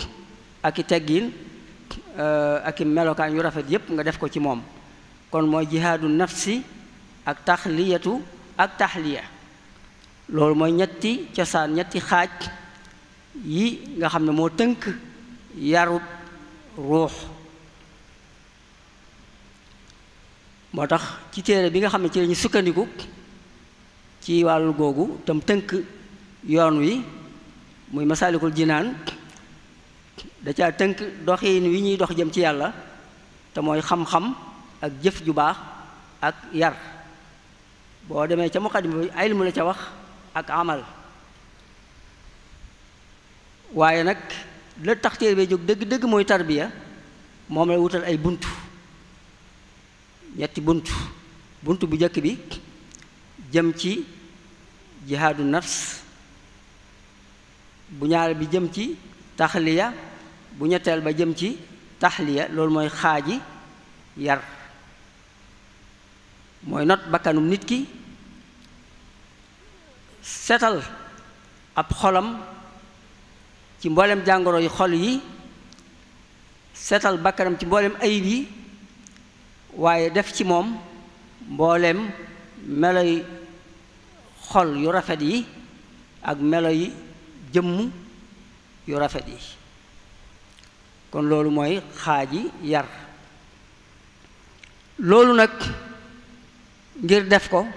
Speaker 1: ak i teggin euh, ak i melokaan yu rafet yépp nga def ko ci moom kon mooy jihaadu nafsi ak taxliyatu ak taxliya loolu mooy ñetti cosaan ñetti xaaj yi nga xam ne moo tënk yarub ruux moo tax ci téere bi nga xam ne ci lañu sukkandiku ci wàll googu tam tënk yoon wi muy masaalikul jinaan da caa tënk doxiin wi ñuy dox jëm ci yàlla te mooy xam-xam ak jëf ju baax ak yar boo demee ca muqaddima bi ilmu la ca wax ak amal waaye nag la tax téere bi jóg dëgg-dëgg mooy tarbiya moom la wutal ay bunt ñetti bunt bunt bu njëkk bi jëm ci jihaadu nafs bu ñaar bi jëm ci taxliya bu ñetteel ba jëm ci taxliya loolu mooy xaaji yar mooy not bakkanum nit ki setal ab xolam ci mboolem jàngoro yu xol yi setal bakkanam ci mboolem ayib yi waaye def ci moom mboolem meloy xol yu rafet yi ak melo yi jëmm yu rafet yi kon loolu mooy yi yar loolu nag ngir def ko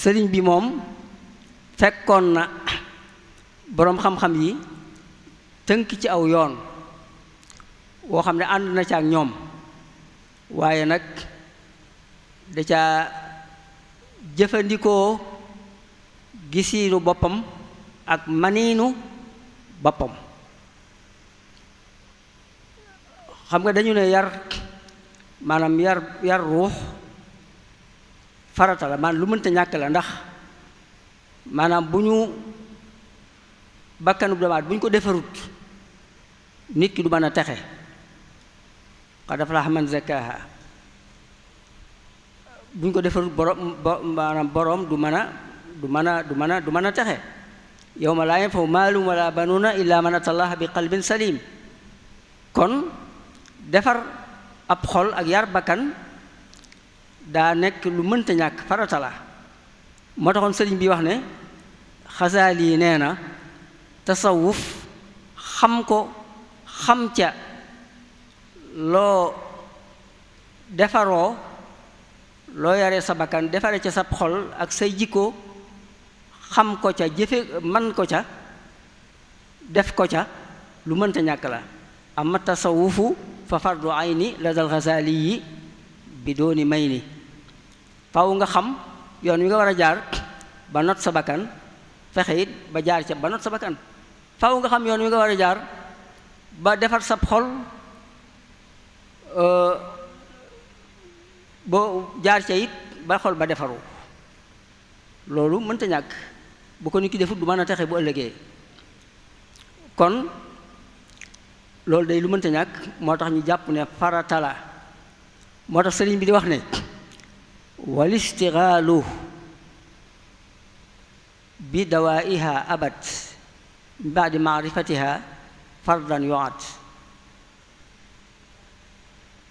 Speaker 1: sëriñ bi moom fekkoon na boroom xam-xam yi tënk ci aw yoon woo xam ne ànd na ci ak ñoom waaye nag da ca jëfandikoo gisiinu boppam ak maniinu boppam xam nga dañu ne yar maanaam yar yar ruux farata la lu mënta ñàkk la ndax maanaam bu ñu bakkanu damaat bu ñu ko defarut nit ki du mën a texe qad aflaha man zakkaha bu ñu ko defarut borom maanaam borom du mën a du mën a du mën a du mën a texe yawma laa yanfau maalun wala banuuna illa man atallaha bi qalbin salim kon defar ab xol ak yar bakkan daa nekk lu mënta ñàkk farata la moo taxoon sëriñ bi wax ne xasaali nee na tasawuf xam ko xam ca loo defaroo loo yare sa bakkan defare ca sab xol ak say jikko xam ko ca jëfe man ko ca def ko ca lu mënta ñàkk la ama tasawufu fa fardu ayni la dal xasaali yi bi dooni may ni faw nga xam yoon wi nga war a jaar ba not sa bakkan fexe it ba jaar ca ba not sa bakkan faw nga xam yoon wi nga war a jaar ba defar sab xol euh, boo jaar ca it ba xol ba defaru loolu mënta ñàkk bu ko nit ki defut du mën a texe bu ëllëgee kon loolu de lu mënta ñàkk moo tax ñu jàpp ne farata moo tax sëriñ bi di wax ne walistigaalu bi dawaa'iha abad min baadi maarifatiha fardan yuat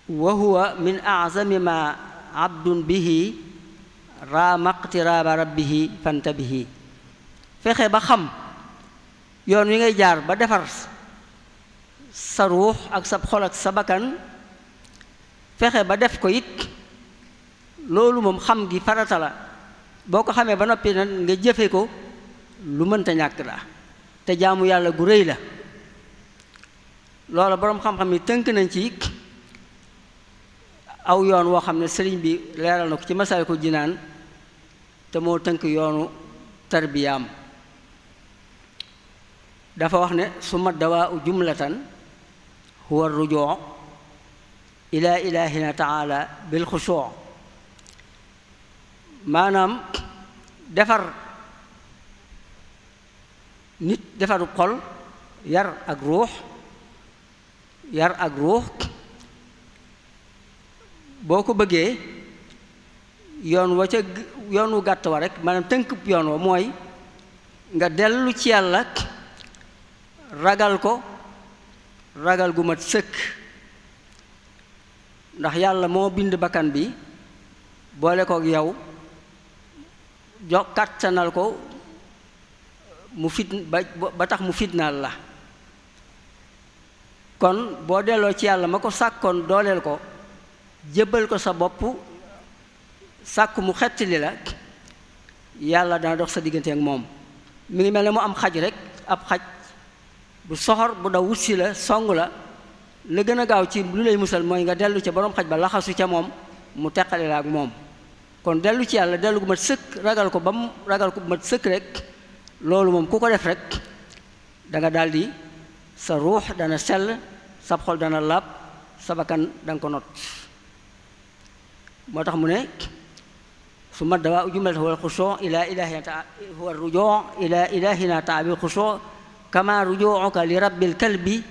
Speaker 1: wa huwa min aczami ma abdun bihi raama iqtiraaba rabbihi fantabihi fexe ba xam yoon wi ngay jaar ba defar sa ruux ak sa xol ak sa bakkan fexe ba def ko it loolu moom xam gi farata la boo ko xamee ba noppi nag nga jëfe ko lu mënta ñàkk la te jaamu yàlla gu rëy la loola boroom xam-xam yi tënk nañ ci aw yoon woo xam ne sëriñ bi leeral na ko ci masaay ko jinaan te moo tënk yoonu tarbiyaam dafa wax ne su suma dawa u jumlatan huwa rujoo ila ilahina taala bil xushuu maanaam defar nit defaru xol yar ak ruux yar ak ruux boo ko bëggee yoon wa ca yoon wu gàtt wa rek maanaam tënk yoon wa mooy nga dellu ci yàlla ragal ko ragal gu ma sëkk ndax yàlla moo bind bakkan bi boole kook yow jox kàttanal ko mu fit ba ba tax mu fitnaal la kon boo delloo ci yàlla ma ko sàkkoon dooleel ko jëbbal ko sa bopp sàkk mu xettali la yàlla dana dox sa diggante ak moom mu ngi mel ne mu am xaj rek ab xaj bu soxor bu daw wutsi la song la la gën a gaaw ci lu lay musal mooy nga dellu ca boroom xaj ba laxasu ca moom mu teqale la ak moom kon dellu ci yàlla dellu gu mat sëkk ragal ko ba ragal ko bu mat sëkk rek loolu moom ku ko defrek danga daldi sa ruux dana sell sab xol dana lab sa bakkan da ko not moo tax mu ne su ma dawaa ujumel wal xuso ila ilahina huwa rujo ila kama rujooka li rabbil kalbi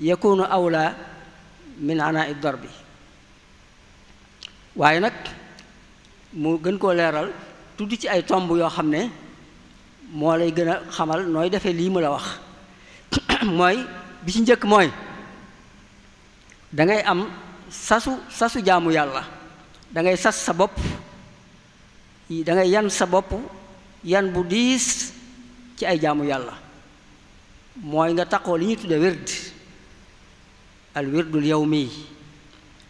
Speaker 1: yakunu awla min anaa darbi waaye mu gën koo leeral tudd ci ay tomb yoo xam ne moo lay gën a xamal nooy defe lii mu la wax mooy bi ci njëkk mooy dangay am sasu sasu jaamu yàlla dangay sas sa bopp da ngay yan sa bopp yan bu diis ci ay jaamu yàlla mooy nga taqoo li ñuy tudde wird al wirdul yawmi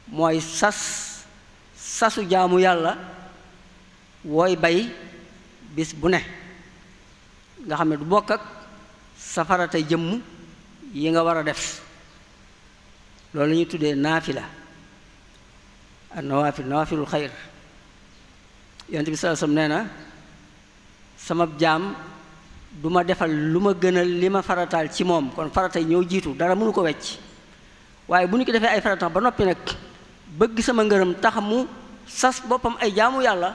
Speaker 1: mooy sas sasu jaamu yàlla wooy bay bis bu ne nga xam ne du bokk ak safara tey jëmm yi nga war a def loolu la ñuy tuddee naafila ak nawaafil nawaafilul xayr yonent bi sallallahu alayhi nee na sama jaam duma defal lu ma gënal li ma farataal ci moom kon faratay ñëw jiitu dara mënu ko wecc waaye bu ñu ko defee ay farata ba noppi nag bëgg sama ngërëm tax mu sas boppam ay jaamu yàlla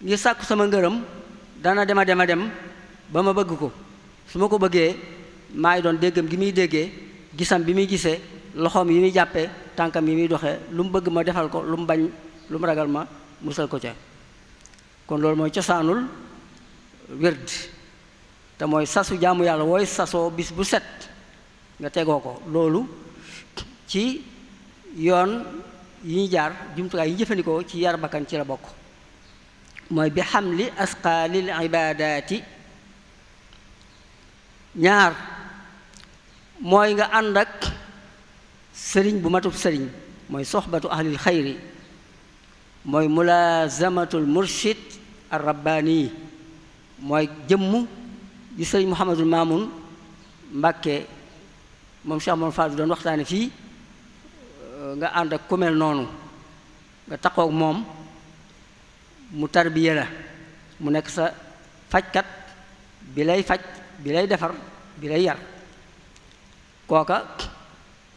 Speaker 1: ngir sàkku sama ngërëm dana dem a dem a dem ba ma bëgg ko su ma ko bëggee maa maay doon déggam gi muy déggee gisam bi muy gisee loxoom yi muy jàppee tànkam yi muy doxee lu mu bëgg ma defal ko lu mu bañ lu mu ragal ma musal ko ca kon loolu mooy cosaanul wird te mooy sasu jaamu yàlla wooy sasoo bis bu set nga tegoo ko loolu ci yoon yi ñu jaar jumtukaay yi ñu jëfandikoo ci yar bakkan ci la bokk mooy bi xamli asqaalil ibaadaati ñaar mooy nga ànd ak sëriñ bu matub sëriñ mooy soxbatu ahlil xayri mooy mulaazamatul murshid ar rabbaani mooy jëmm ji sëriñ muhammadul maamun mbàkke moom Cheikh Mouhamadou Fadou doon waxtaane fii nga ànd ak ku noonu nga taxoog moom mu tarbiya la mu nekk sa fajkat bi lay faj bi lay defar bi lay yar kooka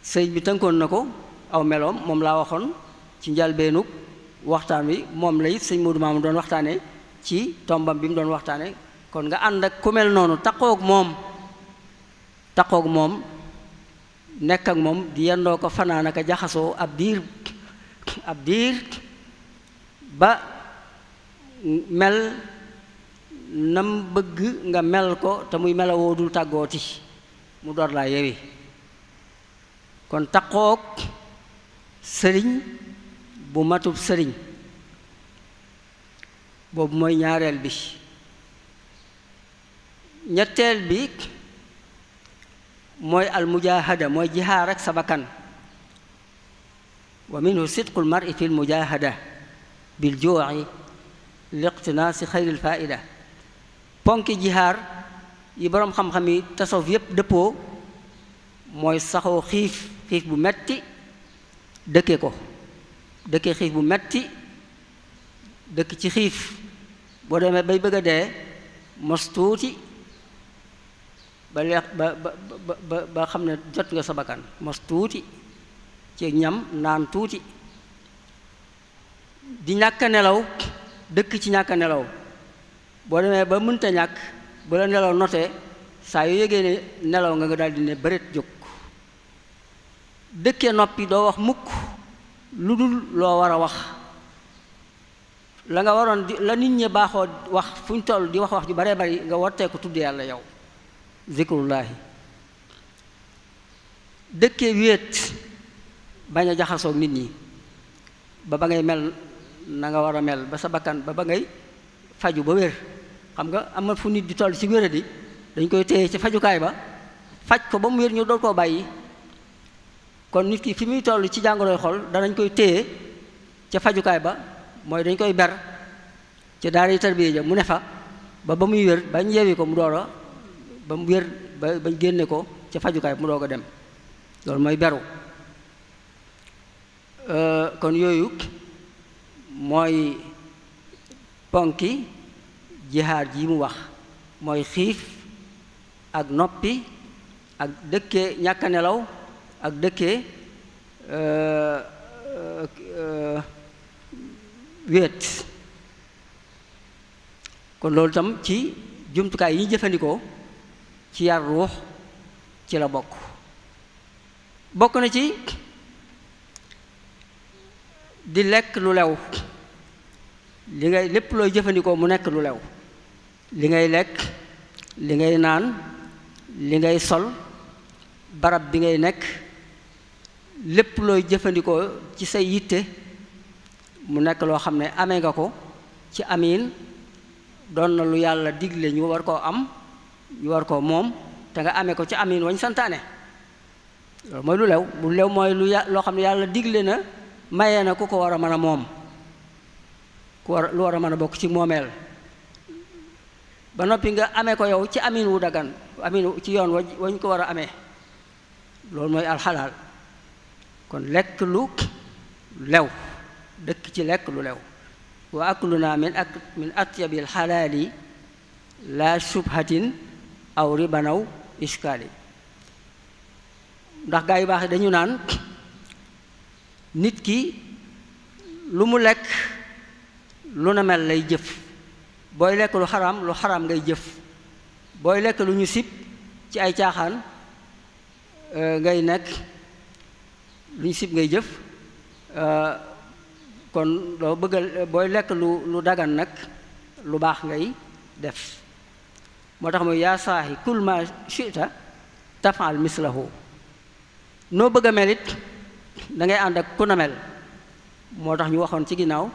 Speaker 1: sëñ bi tënkoon na ko aw meloom moom laa waxoon ci njalbeenug waxtaan wi moom lay sëñ Moodu Maamu doon waxtaane ci tombam bi mu doon waxtaane kon nga ànd ak ku mel noonu taqoog moom taqoog moom nekk ak moom di yendoo ko fanaan ak jaxasoo ab diir ab diir ba mel nam bëgg nga mel ko te muy melawoo dul tàggooti mu door laa yewi kon taqoog sëriñ bu matub sëriñ boobu mooy ñaareel bi ñetteel bi mooy almujaahada mooy jihaar ak sabakan wa minhu sidqul mar'i fi lmujaahada bil juu'i liqtinaasi xayril faida ponki jihaar yi boroom xam-xam yi tasawuf yépp dëppoo mooy saxoo xiif xiif bu metti dëkke ko dëkke xiif bu metti dëkk ci xiif boo demee bay bëgg a dee mos tuuti ba leex ba ba ba ba xam ne jot nga sa bakkan mos tuuti ci ñam naan tuuti di ñàkk nelaw dëkk ci ñàkk nelaw boo demee ba mënta ñàkk bu la nelaw notee saa yu yëgee ne nelaw nga nga daal di ne bëreet jóg dëkkee noppi doo wax mukk lu dul loo war a wax la nga waroon di la nit ñi baaxoo wax fu ñu toll di wax wax ju baree bari nga wartee ko tudd yàlla yow zikrullaahi dëkkee wéet bañ a jaxasoog nit ñi ba ba ngay mel na nga war a mel ba sa bakkan ba ba ngay faju ba wér xam nga am fu nit di toll ci wéradi dañ koy téye ci fajukaay ba faj ko ba mu wér ñu doon koo bàyyi kon nit ki fi muy toll ci jàngoroy xol danañ koy téye ca fajukaay ba mooy dañ koy ber ca daara tarbiya ja mu ne fa ba ba muy wér bañ yewi ko mu door ba mu wér ba bañ génne ko ca fajukaay mu doog dem loolu mooy beru kon yooyu mooy ponki jihaar ji mu wax mooy xiif ak noppi ak dëkkee ñàkk nelaw ak dëkkee euh, euh, wéet kon loolu tam ci jumtukaay yi ñu jëfandikoo ci yar ruux ci la bokk bokk na ci di lekk lu lew li ngay lépp looy jëfandikoo mu nekk lu lew li ngay lekk li ngay naan li ngay sol barab bi ngay nekk lépp looy jëfandikoo ci say yitte mu nekk loo xam ne amee nga ko ci amin doon na lu yàlla digle ñu war koo am ñu war koo moom te nga amee ko ci amiin wañ santaane loolu mooy lu lew lu lew mooy lu loo xam ne yàlla digle na maye na ku ko war a mën a moom ku war lu war a mën a bokk ci moomeel ba noppi nga amee ko yow ci amin wu dagan amin ci yoon wa ñu ko war a amee loolu mooy alxalaal kon lekk lu lew dëkk ci lekk lu lew wa akluna min ak min atyabil xalaali la subhatin aw ribanaw iskaali ndax gaa yu baax dañu naan nit ki lu mu lekk lu na mel lay jëf booy lekk lu xaraam lu xaraam ngay jëf booy lekk lu ñu sib ci ay caaxaan euh, ngay nekk lu ñu sib ngay jëf euh, kon loo bëgg booy lekk lu dagan nag lu baax ngay def moo tax mooy yaa saaxi kul ma chita tafaal noo bëgg a melit da ngay ànd ak ku moo tax ñu waxoon ci ginnaaw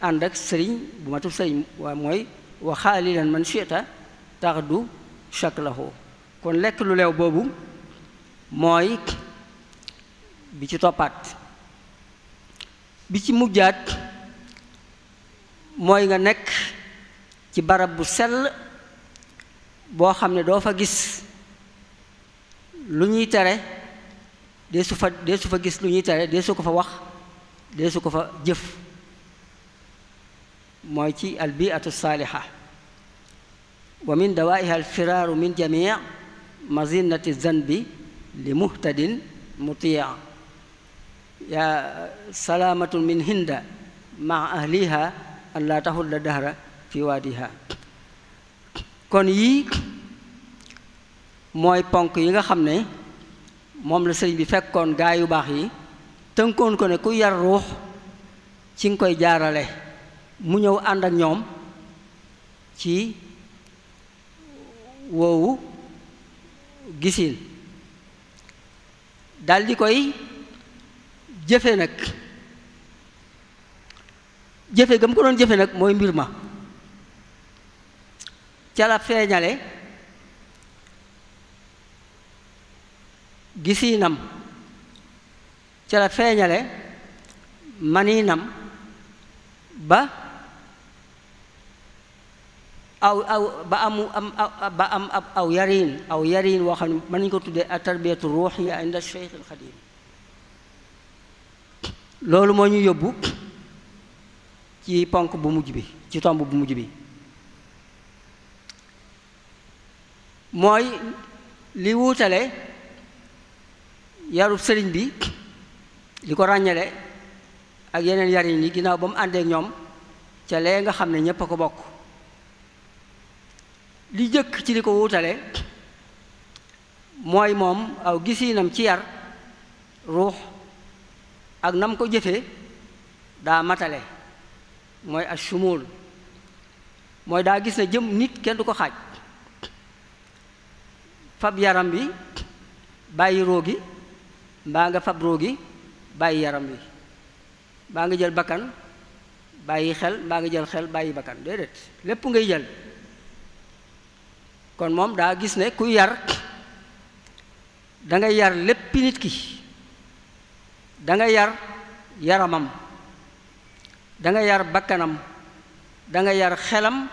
Speaker 1: ànd ak sëriñ bu matul sëriñ waaye mooy wa xaalilan man chita tax du shaklahu kon lekk lu leew boobu mooy bi ci toppaat bi ci mujjaat mooy nga nekk ci barab bu sell boo xam ne doo fa gis lu ñuy tere dee su fa dee su fa gis lu ñuy tere dee su ko fa wax dee su ko fa jëf mooy ci al biatu saaliha wa min dawaiha al firaaru min jamii mazinati zanbi li muhtadin mutia yaa salaamatun min hinda ma ahliha an taxul la dahra fi waadiha kon yii mooy ponk yi nga xam ne moom la sëriñ bi fekkoon gaa yu baax yi tënkoon ko ne ku yar ruux ci nga koy jaarale mu ñëw ànd ak ñoom ci woowu gisin daldi koy jëfe nag jëfe gam ko doon jëfe nag mooy mbir ma ca la feeñale gisiinam ci la feeñale maniinam ba aw aw ba amu am ba am aw yariin aw yariin woo xam ne mën nañu ko tuddee ak tarbiyatu ruuxiya inda Cheikh al Xadim loolu moo ñu yóbbu ci ponk bu mujj bi ci tomb bu mujj bi mooy li wuutale yarub sëriñ bi li ko ràññale ak yeneen yariñ li ni ba mu àndeek ñoom ca lee nga xam ne ñépp a ko bokk li jëkk ci li ko wuutale mooy moom aw gisiinam ci yar ruux ak nam ko jëfe daa matale mooy ak sumul mooy daa gis ne jëm nit kenn du ko xaaj fab yaram bi bàyyi roo gi mbaa nga fab ruu gi bàyyi yaram wi mbaa ngi jël bakkan bàyyi xel mbaa ngi jël xel bàyyi bakkan déedéet lépp ngay jël kon moom daa gis ne ku yar dangay yar léppi nit ki danga yar yaramam danga yar bakkanam danga yar xelam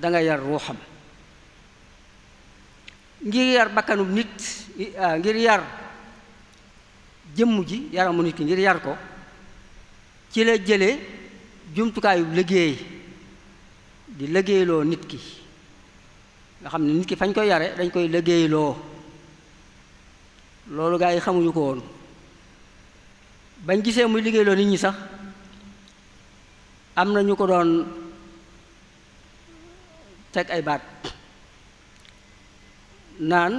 Speaker 1: danga yar ruuxam ngir yar bakkanub nit ah, ngir yar jëmm ji yaramu nit ki ngir yar ko ci la jële jumtukaayu liggéey di liggéeyloo nit ki nga xam ne nit ki fañ ko yare dañ koy liggéeyloo loolu gaa yi xamuñu ko woon bañ gisee muy liggéeyloo nit ñi sax am na ñu ko doon teg ay baat naan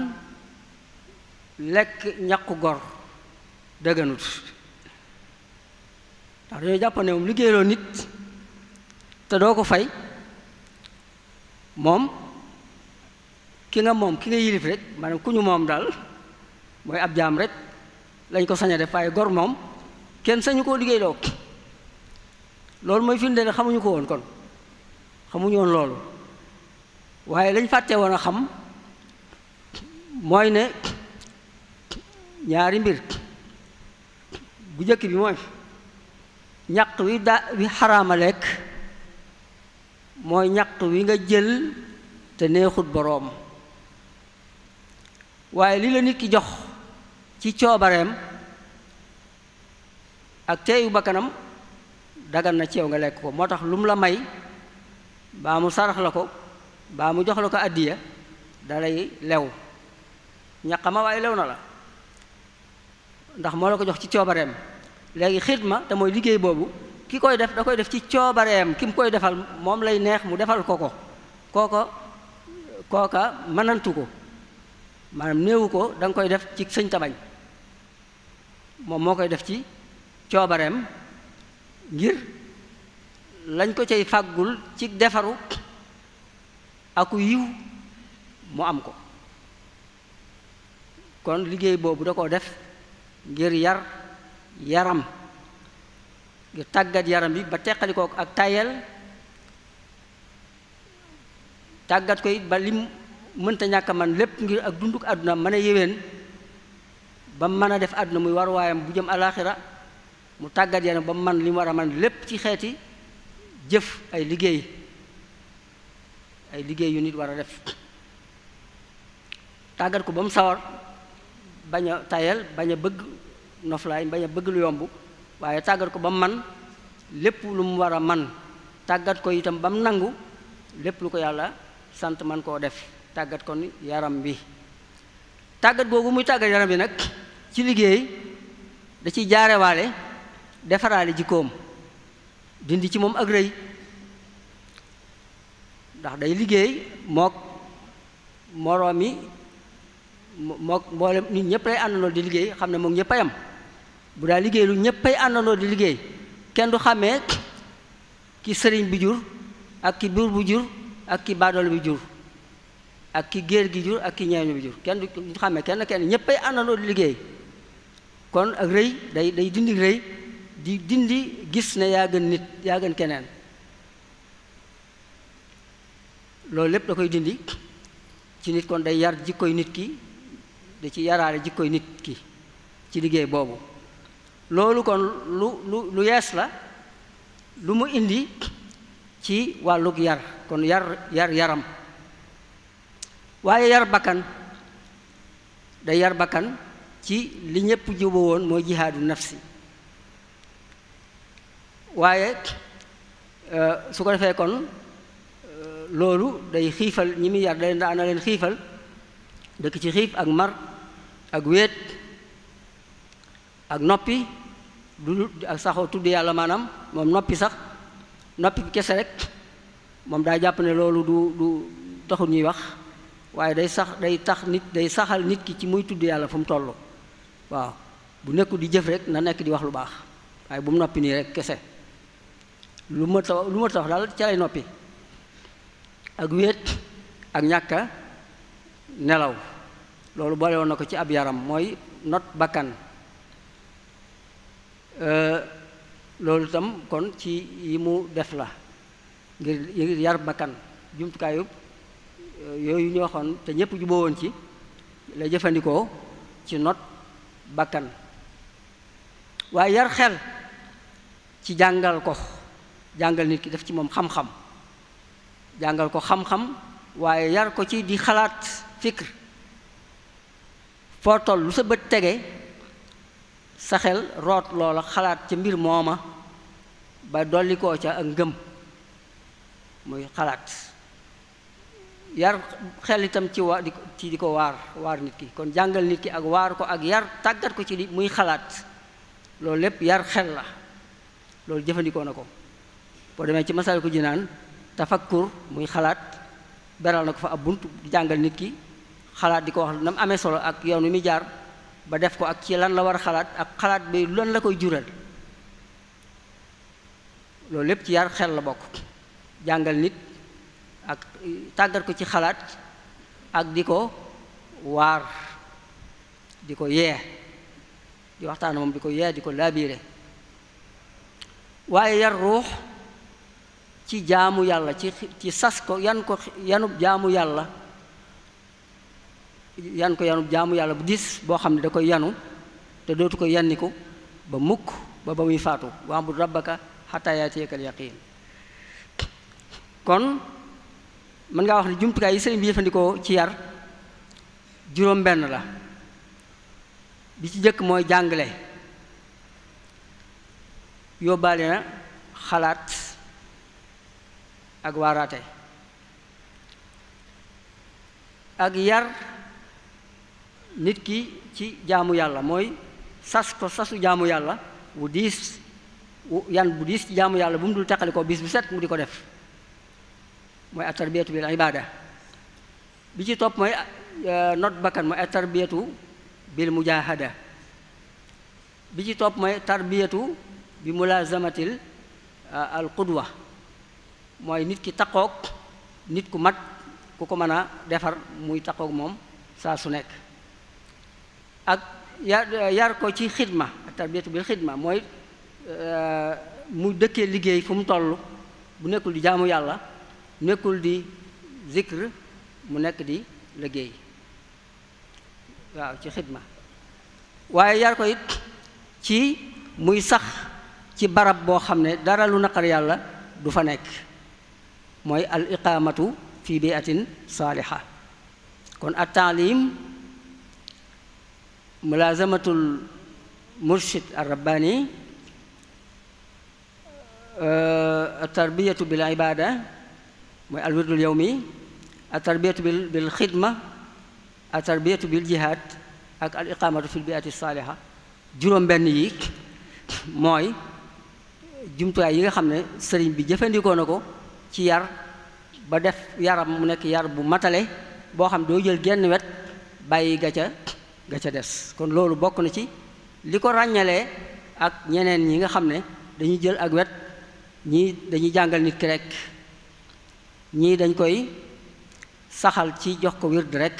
Speaker 1: lekk ñaqu gor dëgganut ndax dañoo jàpp ne moom liggéeyloo nit te doo ko fay moom ki nga moom ki nga yilif rek maanaam ku ñu moom daal mooy ab jaam rek lañ ko sañ a def waaye gor moom kenn sañu koo liggéeyloo loolu mooy firnde ne xamuñu ko woon kon xamuñu loolu waaye lañ fàtte woon a xam mooy ne ñaari mbir bu jëkk bi mooy ñaq wi da wi xaraama lekk mooy ñaq wi nga jël te neexut boroom waaye li la nit ki jox ci coobareem ak teeyu bakkanam dagan na ceew nga lekk ko moo tax lu mu la may baa mu sarax la ko baa mu jox la ko àddiya dalay lew ñaqama waaye lew na la ndax moo la ko jox ci coobareem léegi xidma te mooy liggéey boobu ki koy def da koy def ci coobareem ki mu koy defal moom lay neex mu defal ko ko kooko kooka mënantu ko maanaam néewu ko danga koy def ci sëñ tabañ moom moo koy def ci coobareem ngir lañ ko cay fàggul ci defaru aku yiw mu am ko kon liggéey boobu da koo def ngir yar yaram ngir tàggat yaram bi ba teqalikoo ak tayel tàggat ko it ba lim mënta ñàkk man lépp ngir ak dunduk àdduna mën a yéwén ba mën a def àdduna muy war waayam bu jëm alaaxira mu tàggat yaram ba mu man li mu war a man lépp ci xeeti jëf ay liggéey ay liggéey yu nit war a def tàggat ko ba mu sawar bañ a tayal bañ a bëgg noflaay bañ a bëgg lu yomb waaye tàggat ko ba mu man lépp lu mu war a man tàggat ko itam ba mu nangu lépp lu ko yàlla sant man koo def tàggat ko yaram wi tàggat googu muy tàggat yaram bi nag ci liggéey da ciy jaarewaale defaraale jikkoom dindi ci moom ak rëy ndax day liggéey mook moroomi mook mboolem nit ñëpp lay àndandoo di liggéey xam ne moom ñëpp a bu daa liggéey lu ñëppay àndandoo di liggéey kenn du xàmmee ki sëriñ bi jur ak ki buur bu jur ak ki baadool bi jur ak ki géer gi jur ak ki ñeeñu bi jur kenn du xàmmee kenn kenn ñëppay àndandoo di liggéey kon ak rëy day day dindi rëy di dindi gis ne yaa gën nit yaa gën keneen loolu lépp da koy dindi ci nit kon day yar jikkooy nit ki da ci yaraale jikkoy nit ki ci liggéey boobu loolu kon lu lu lu yees la lu mu indi ci wàllug yar kon yar yar yaram waaye yar bakkan day yar bakkan ci li ñépp juba woon mooy jihaadu nafsi waaye euh, su ko defee kon euh, loolu day xiifal ñi muy yar day daana leen xiifal dëkk ci xiif ak mar ak wéet ak noppi du ak saxoo tudd yàlla maanaam moom noppi sax noppi kese rek moom daa jàpp ne loolu du du taxul ñuy wax waaye day sax day tax nit day saxal nit ki ci muy tudd yàlla fu mu toll waaw bu nekkul di jëf rek na nekk di wax lu baax waaye bu mu noppi nii rek kese lu ma taw lu ma taw daal ca lay noppi ak wéet ak ñàkka nelaw loolu boole woon na ko ci ab yaram mooy not bakkan loolu itam kon ci yi mu def la ngir yar bakkan jumtukaayu yooyu ñu waxoon te ñépp juboo woon ci la jëfandikoo ci not bakkan waaye yar xel ci jàngal ko jàngal nit ki def ci moom xam-xam jàngal ko xam-xam waaye yar ko ci di xalaat fikr foo toll sa bët tege sa xel root loola xalaat ca mbir mooma ba dollikoo ca ak ngëm muy xalaat yar xel itam ci waa di ko waar waar nit ki kon jàngal nit ki ak waar ko ak yar tàggat ko ci di muy xalaat loolu lépp yar xel la loolu jëfandikoo na ko boo demee ci masaal ko jinaan tafakkur muy xalaat beral na ko fa ab bunt jàngal nit ki xalaat di ko wax na mu amee solo ak yoon wi muy jaar ba def ko ak ci lan la war a xalaat ak xalaat bi lan la koy jural loolu lépp ci yar xel la bokk jàngal nit ak tàggat ko ci xalaat ak di ko waar di ko yee di waxtaan moom di ko yee di ko laabiire waaye yar ruux ci jaamu yàlla ci ci sas ko yan ko yanub jaamu yàlla yan ko yanu jaamu yàlla bu diis boo xam ne da koy yanu te dootu ko yanniku ba mukk ba ba muy faatu waambul rabbaka xataa yaatiyakal yaqiin kon mën ngaa wax ne jumtukaay yi sëriñ bi jëfandikoo ci yar juróom benn la bi ci jëkk mooy jàngale yóbbaale na xalaat ak waaraate ak yar nit ki ci jaamu yàlla mooy sas ko sasu jaamu yàlla wu diis yan bu diis ci jaamu yàlla bu mu dul taqali ko bis bu set mu di ko def mooy at-tarbiyatu bil ibaada bi ci topp mooy e, not bakkan mooy at-tarbiyatu bil mujaahada bi ci topp mooy tarbiyatu bi mulaazamatil e, al qudwa mooy nit ki taqook nit ku mat ku ko mën a defar muy taqoog moom saa su nekk ak yar yar ko ci xidma tarbiyatu bil xidma mooy euh, mu dëkkee liggéey fu mu toll bu nekkul di jaamu yàlla nekkul di zikr mu nekk di liggéey waaw ci xidma waaye yar ko it ci muy sax ci barab boo xam ne dara lu naqar yàlla du fa nekk mooy al iqaamatu fi biatin saaliha kon at mulaazamatul murshid arrabbaani tarbiyatu bil ibaada mooy alwirdul yawmi a tarbiyatu bil bil xidma a tarbiyatu bil jihaad ak al iqaamatu fil biati saaliha juróom benn yi mooy jumtuwaay yi nga xam ne sëriñ bi jëfandikoo na ko ci yar ba def yaram mu nekk yar bu matale boo xam doo jël genn wet bàyyi ga ca ga ca des kon loolu bokk na ci li ko ràññalee ak ñeneen ñi nga xam ne dañuy jël ak wet ñii dañuy jàngal nit ki rek ñii dañ koy saxal ci jox ko wird rek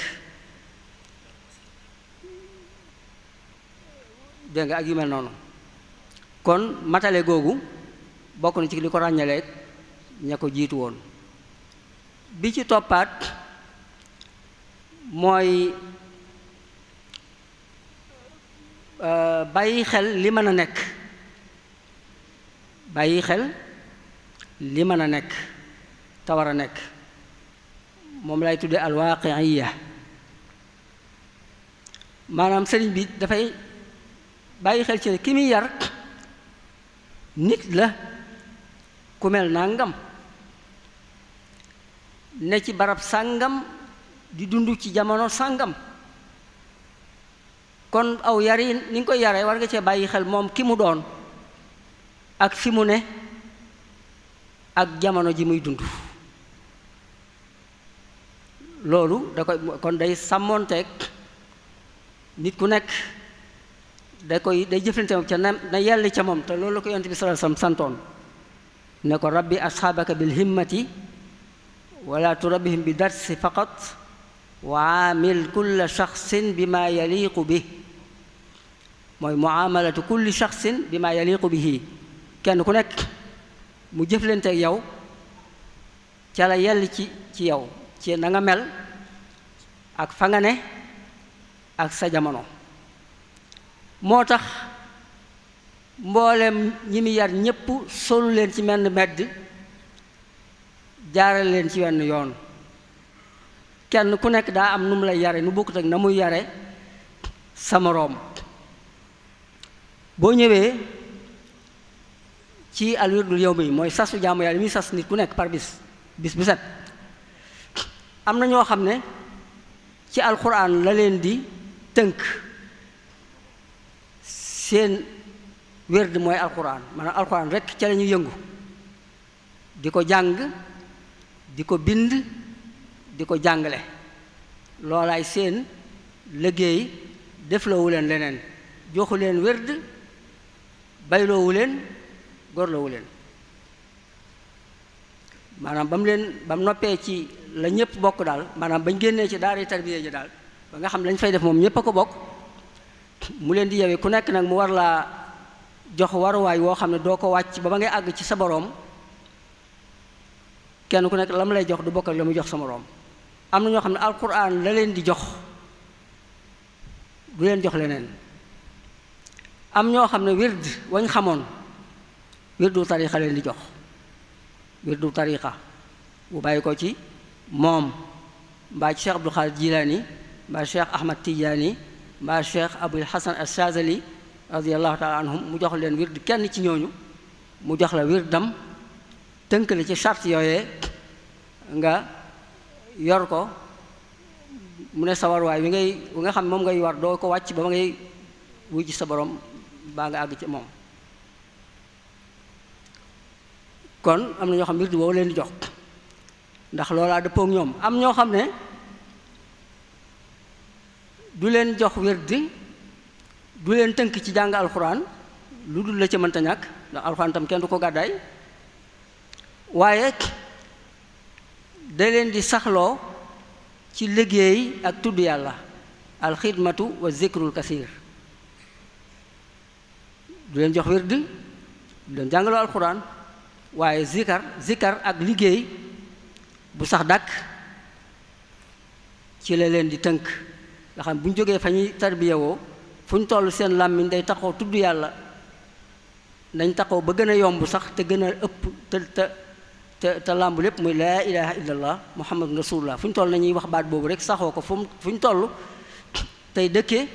Speaker 1: dégg ak yu mel noonu kon matale googu bokk na ci li ko ràññalee ña ko jiitu woon bi ci toppaat mooy Euh, bàyyi xel li mën a nekk bàyyi xel li mën a nekk tawar a nekk moom lay tudde alwaaqiya maanaam sëriñ bi dafay bàyyi xel ci ne ki muy yar nit la ku mel nangam ne ci barab sàngam di dund ci jamono sàngam kon aw yar yi ni nga koy yare war nga cee bàyyi xel moom ki mu doon ak fi mu ne ak jamono ji muy dund loolu da koy kon day sàmmoonteeg nit ku nekk da koy day jëflante moom ca na yàlla ca moom te loolu la ko yonent bi sallallahu alayhi santoon ne ko rabbi asxaabaka bil himmati wala turabbihim bi darsi faqat waa aamil kulla shaxsin bi ma bi mooy muamalatu kulli shaxsin bi ma bi bihi kenn ku nekk mu jëflante ak yow ca la yell ci ci yow ci nanga mel ak fa nga ne ak sa jamono moo tax mboolem ñi mu yar ñépp solu leen ci menn medd jaaral leen ci wenn yoon kenn ku nekk daa am nu mu lay yare nu bokkut ak na muy yare sa moroom boo ñëwee ci alwirdul yow mi mooy sasu jaamu yàlla muy sas nit ku nekk par bis bis bu set am na ñoo xam ne ci alxuraan la leen di tënk seen wérd mooy alxuraan maanaam alxuraan rekk ca la ñuy yëngu di ko jàng di ko bind di ko jàngale loolaay séen liggéey defloowu leen leneen joxu leen wérd bayloowu leen gorloowu leen maanaam ba mu leen ba mu noppee ci la ñëpp bokk daal maanaam bañ génnee ci daara tarbiya ji daal ba nga xam lañ fay def moom ñëpp a ko bokk mu leen di yewee ku nekk nag mu war laa jox waruwaay woo xam ne doo ko wàcc ba ba ngay àgg ci sa boroom kenn ku nekk la mu lay jox du bokk ak la mu jox sa moroom am na ñoo xam ne alquran la leen di jox du leen jox leneen am ñoo xam ne wird wañ xamoon wirdu tarixa leen di jox wirdu tarixa bu bàyyi ko ci moom mbaa Cheikh Abdul Xaadir Jilaani mbaa Cheikh Ahmad Tijaani mbaa Cheikh Abul Hasan Asazali radiallahu taala anhum mu jox leen wird kenn ci ñooñu mu jox la wirdam tënk la ci charte yooyee nga yor ko mu ne sa warwaay wi ngay wi nga xam ne moom ngay war doo ko wàcc ba ma ngay wuy ci sa borom baa nga àgg ci moom kon am na ñoo xam ne wirdu leen jox ndax loolaa dëppoo ñoom am ñoo xam ne du leen jox wirdi du leen tënk ci jàng alxuraan lu dul la ca mënta ñàkk ndax alxuraan tam kenn du ko gàddaay waaye da leen di saxloo ci liggéey ak tudd yàlla alxidmatu wa zikrul kasiir du leen jox wird du leen jàngaloo alxuraan waaye zikar zikar ak liggéey bu sax dàkk ci la leen di tënk nga xam bu ñu jógee fa ñuy tarbiyewoo fu ñu toll seen làmmiñ day taxoo tudd yàlla nañ taxoo ba gën a yomb sax te gën a ëpp te te te làmb lépp muy laa ilaha illallah muhammadun rasulullah fu ñu toll nañuy wax baat boobu rek saxoo ko fu mu fu ñu toll tey dëkkee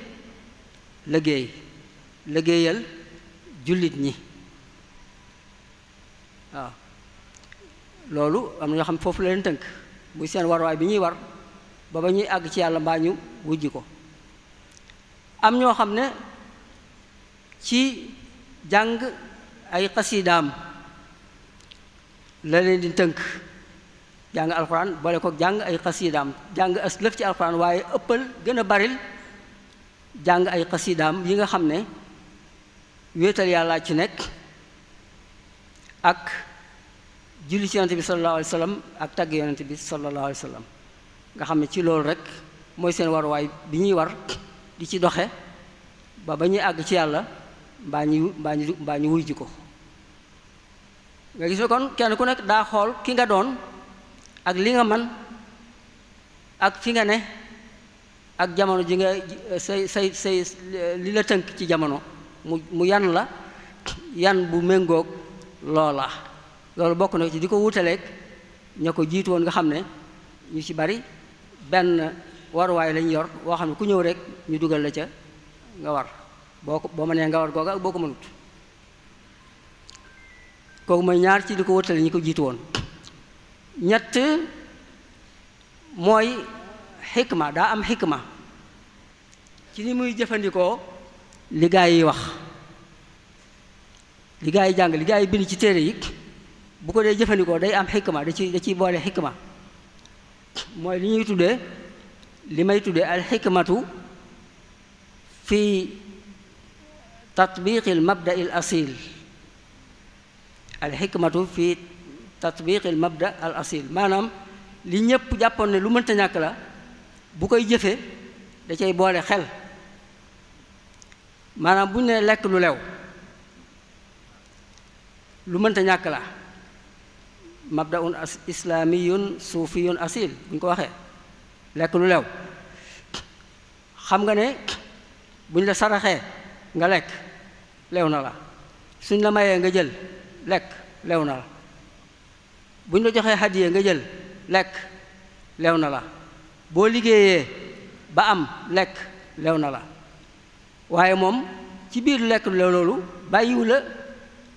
Speaker 1: liggéey liggéeyal jullit ñi waaw loolu am na ñoo xam foofu la leen tënk muy seen warwaay bi ñuy war ba ba ñuy àgg ci yàlla mbaa ñu wujj ko am ñoo xam ne ci jàng ay xasidaam la leen di tënk jàng alxuraan boole ko jàng ay xasiidaam jàng aslëf ci alxuraan waaye ëppal gën a baril jàng ay xasiidaam yi nga xam ne wéetal yàlla ci nekk ak julli ci yonent bi sallallahu alayhi wa sallam ak tagg bi sallallahu alayhi nga xam ne ci loolu rek mooy seen waruwaay bi ñuy war di ci doxe ba ba ñuy àgg ci yàlla mbaa ñu mbaa ñu mbaa ñu wuy ji ko nga gis ne kon kenn ku nekk daa xool ki nga doon ak li nga man ak fi nga ne ak jamono ji nga say say say li la tënk ci jamono mu mu yan la yan bu méngoog loola loolu bokk na ci di ko wutaleeg ña ko jiitu woon nga xam ne ñu ci bari benn waruwaay lañu yor boo xam ne ku ñëw rek ñu dugal la ca nga war boo ko boo mënee nga war googa ak boo ko mënut kooku mooy ñaar ci li ko wëttale ñi ko jiitu woon ñett mooy xikma daa am xikma ci ni muy jëfandikoo li yi wax li yi jàng li yi bind ci téere yi bu ko dee jëfandikoo day am xikma da ci da ciy boole xikma mooy li ñuy tuddee li may tuddee al xikmatu fi tatbiqi al mabda al asil alxikmatu fi tatbiq al mabda al asil maanaam li ñépp jàppoon ne lu mënta ñàkk la bu koy jëfee da cay boole xel maanaam bu ñu nee lekk lu lew lu mënta ñàkk la mabdaun islamiyun suufiyun asil bu ñu ko waxee lekk lu lew xam nga ne bu ñu la saraxee nga lekk lew na la suñ la mayee nga jël lekk lew na la bu ñu la joxee hadiya nga jël lekk lew na la boo liggéeyee ba am lekk lew na la waaye moom ci biir lekk lew loolu bàyyiwu la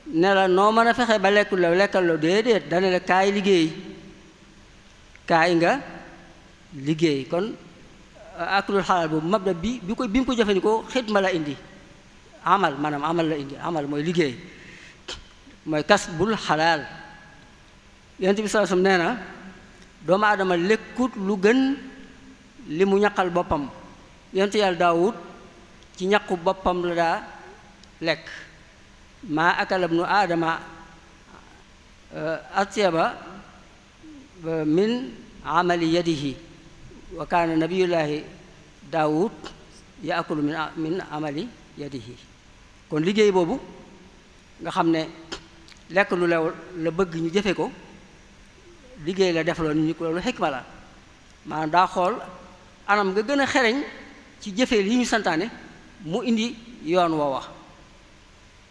Speaker 1: ne la noo mën a fexe ba lekk lew lekkal la déedéet dana la kaay liggéey kaay nga liggéey kon uh, akulul xalaal boobu mabda bi bi ko bi mu ko jëfandikoo xidma la indi amal maanaam amal la indi amal mooy liggéey mooy kas bul xalaal yonent bi sallallahu alayhi nee na doomu aadama lekkut lu gën li mu ñaqal boppam yonent yàlla daawut ci ñaqu boppam la daa lekk maa akala ibnu aadama eh, atyaba eh, min amali yadihi wa kaana nabiyullaahi daawud yaakulu min min yadihi kon liggéey boobu nga xam ne lekk lu lew la bëgg ñu jëfe ko liggéey la defaloon ñu ko loolu xikma la maanaam daa xool anam nga gën a xereñ ci jëfe li ñu santaane mu indi yoon woowa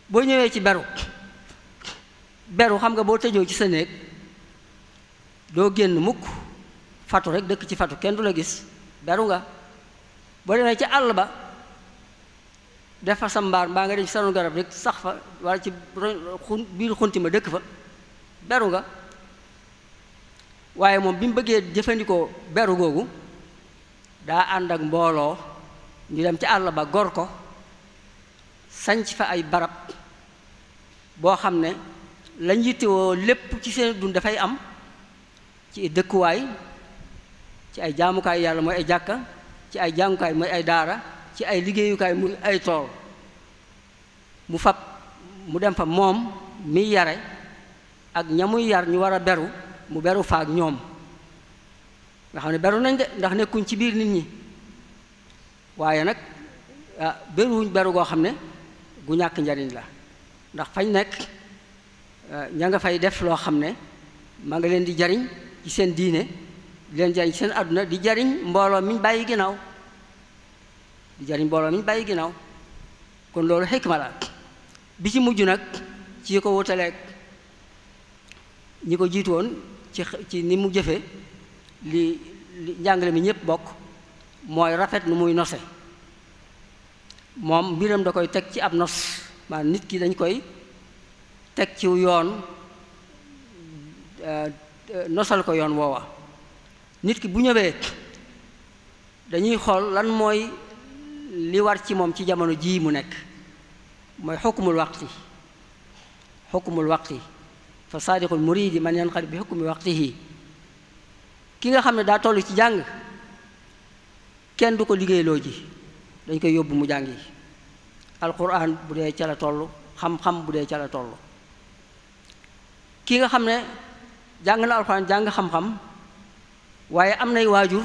Speaker 1: boo ñëwee ci beru beru xam nga boo tëjoo ci sa néeg doo génn mukk fatu rek dëkk ci fatu kenn du la gis beru nga boo demee ci àll ba def sa mbaar mbaa nga dem ci sanu garab rek sax fa wala ci xun biir xunti ma dëkk fa beru nga waaye moom bi mu bëggee jëfandikoo beru googu daa ànd ak mbooloo ñu dem ci àll ba gor ko sanc fa ay barab boo xam ne lañ yittewoo lépp ci seen dund dafay am ci dëkkuwaay ci ay jaamukaay yàlla mooy ay jàkka ci ay jàngukaay mooy ay daara ci ay liggéeyukaay mu ay tool mu fab mu dem fa moom mi yare ak ña muy yar ñu war a beru mu beru fa ak ñoom nga xam ne beru nañ de ndax nekkuñ ci biir nit ñi waaye nag ah, beruwuñ beru goo xam ne gu ñàkk njariñ la ndax fañ nekk ah, ña nga fay def loo xam ne maa nga leen di jariñ ci seen diine di leen jariñ ci seen àdduna di jariñ mbooloo mi bàyyi ginnaaw di jariñ mbooloo mi ñu bàyyi ginnaaw kon loolu xikma la bi ci mujj nag ci ko wutaleeg ñi ko jiitu woon ci ci ni mu jëfe li li njàngale mi ñëpp bokk mooy rafet nu muy nose moom mbiram da koy teg ci ab nos maanaam nit ki dañ koy teg ci yoon euh, nosal ko yoon woowa nit ki bu ñëwee dañuy xool lan mooy li war ci moom ci jamono jii mu nekk mooy xukmul waqti xukmul waqti fa saadiqul muridi man yanqalib bi xukmi waqtihi ki nga xam ne daa toll ci jàng kenn du ko liggéeyloo ji dañ koy yóbbu mu jàng yi alquran bu dee ca la toll xam-xam bu dee ca la toll ki nga xam ne jàng na alquran jàng xam-xam waaye am nay waajur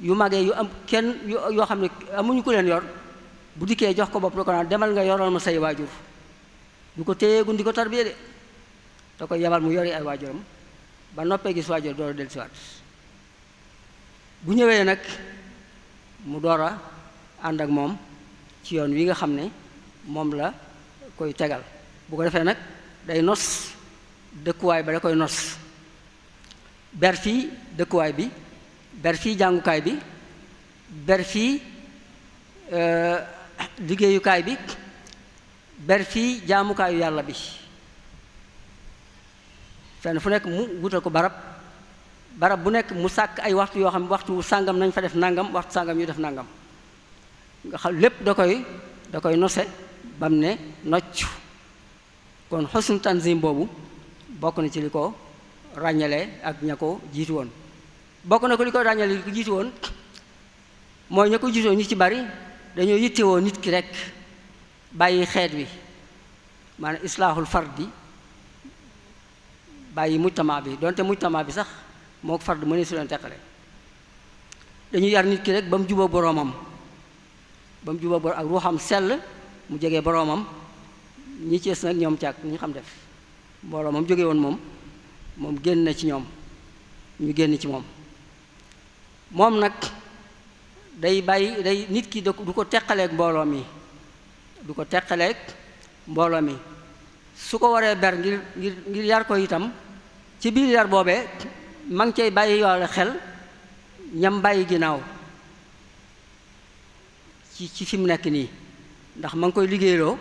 Speaker 1: yu magee yu am kenn yoo xam ne amuñu ko leen yor bu dikkee jox ko bopp da ko naan demal nga yoral ma say waajur du ko téyeegun di ko tarbiye de da koy yabal mu yori ay waajuram ba noppee gis waajur door a dellusiwaat bu ñëwee nag mu door a ànd ak moom ci yoon wi nga xam ne moom la koy tegal bu ko defee nag day nos dëkkuwaay ba da koy nos ber dëkkuwaay bi ber fii jàngukaay bi ber fii euh, liggéeyukaay bi ber fii jaamukaayu yàlla bi fenn fu nekk mu wutal ko barab barab bu nekk mu sàkk ay waxtu yoo xam ne waxtu sàngam nañ fa def nangam waxtu sàngam ñu def nangam nga xam lépp da koy da koy nose bam ne nocc kon xosnu boobu bokk na ci li ko ràññalee ak ña ko jiitu woon bokk na ko li ko ràññale li ko jiitu woon mooy ña ko jiitoo ñu ci bari dañoo yitte yittewoo nit ki rek bàyyi xeet wi maanaam islaahul bi bàyyi mujtama bi donte mujtamaa bi sax moo fard mu ne su leen teqale dañuy yar nit ki rek ba mu juboo boroomam ba mu juboo boroom ak ruuxam sell mu jege boroomam ñi cees nag ñoom càkk ñu xam def mbooloo moom jóge woon moom moom génn na ci ñoom ñu génn ci moom moom nag day bàyyi day nit ki du ko teqaleeg mbooloo mi du ko teqaleeg mbooloo mi su ko waree ber ngir ngir yar ko itam ci biir yar boobee ma ngi cay bàyyi yoole xel ñam bàyyi ginnaaw ci ci fi mu nekk nii ndax ma ngi koy liggéeyloo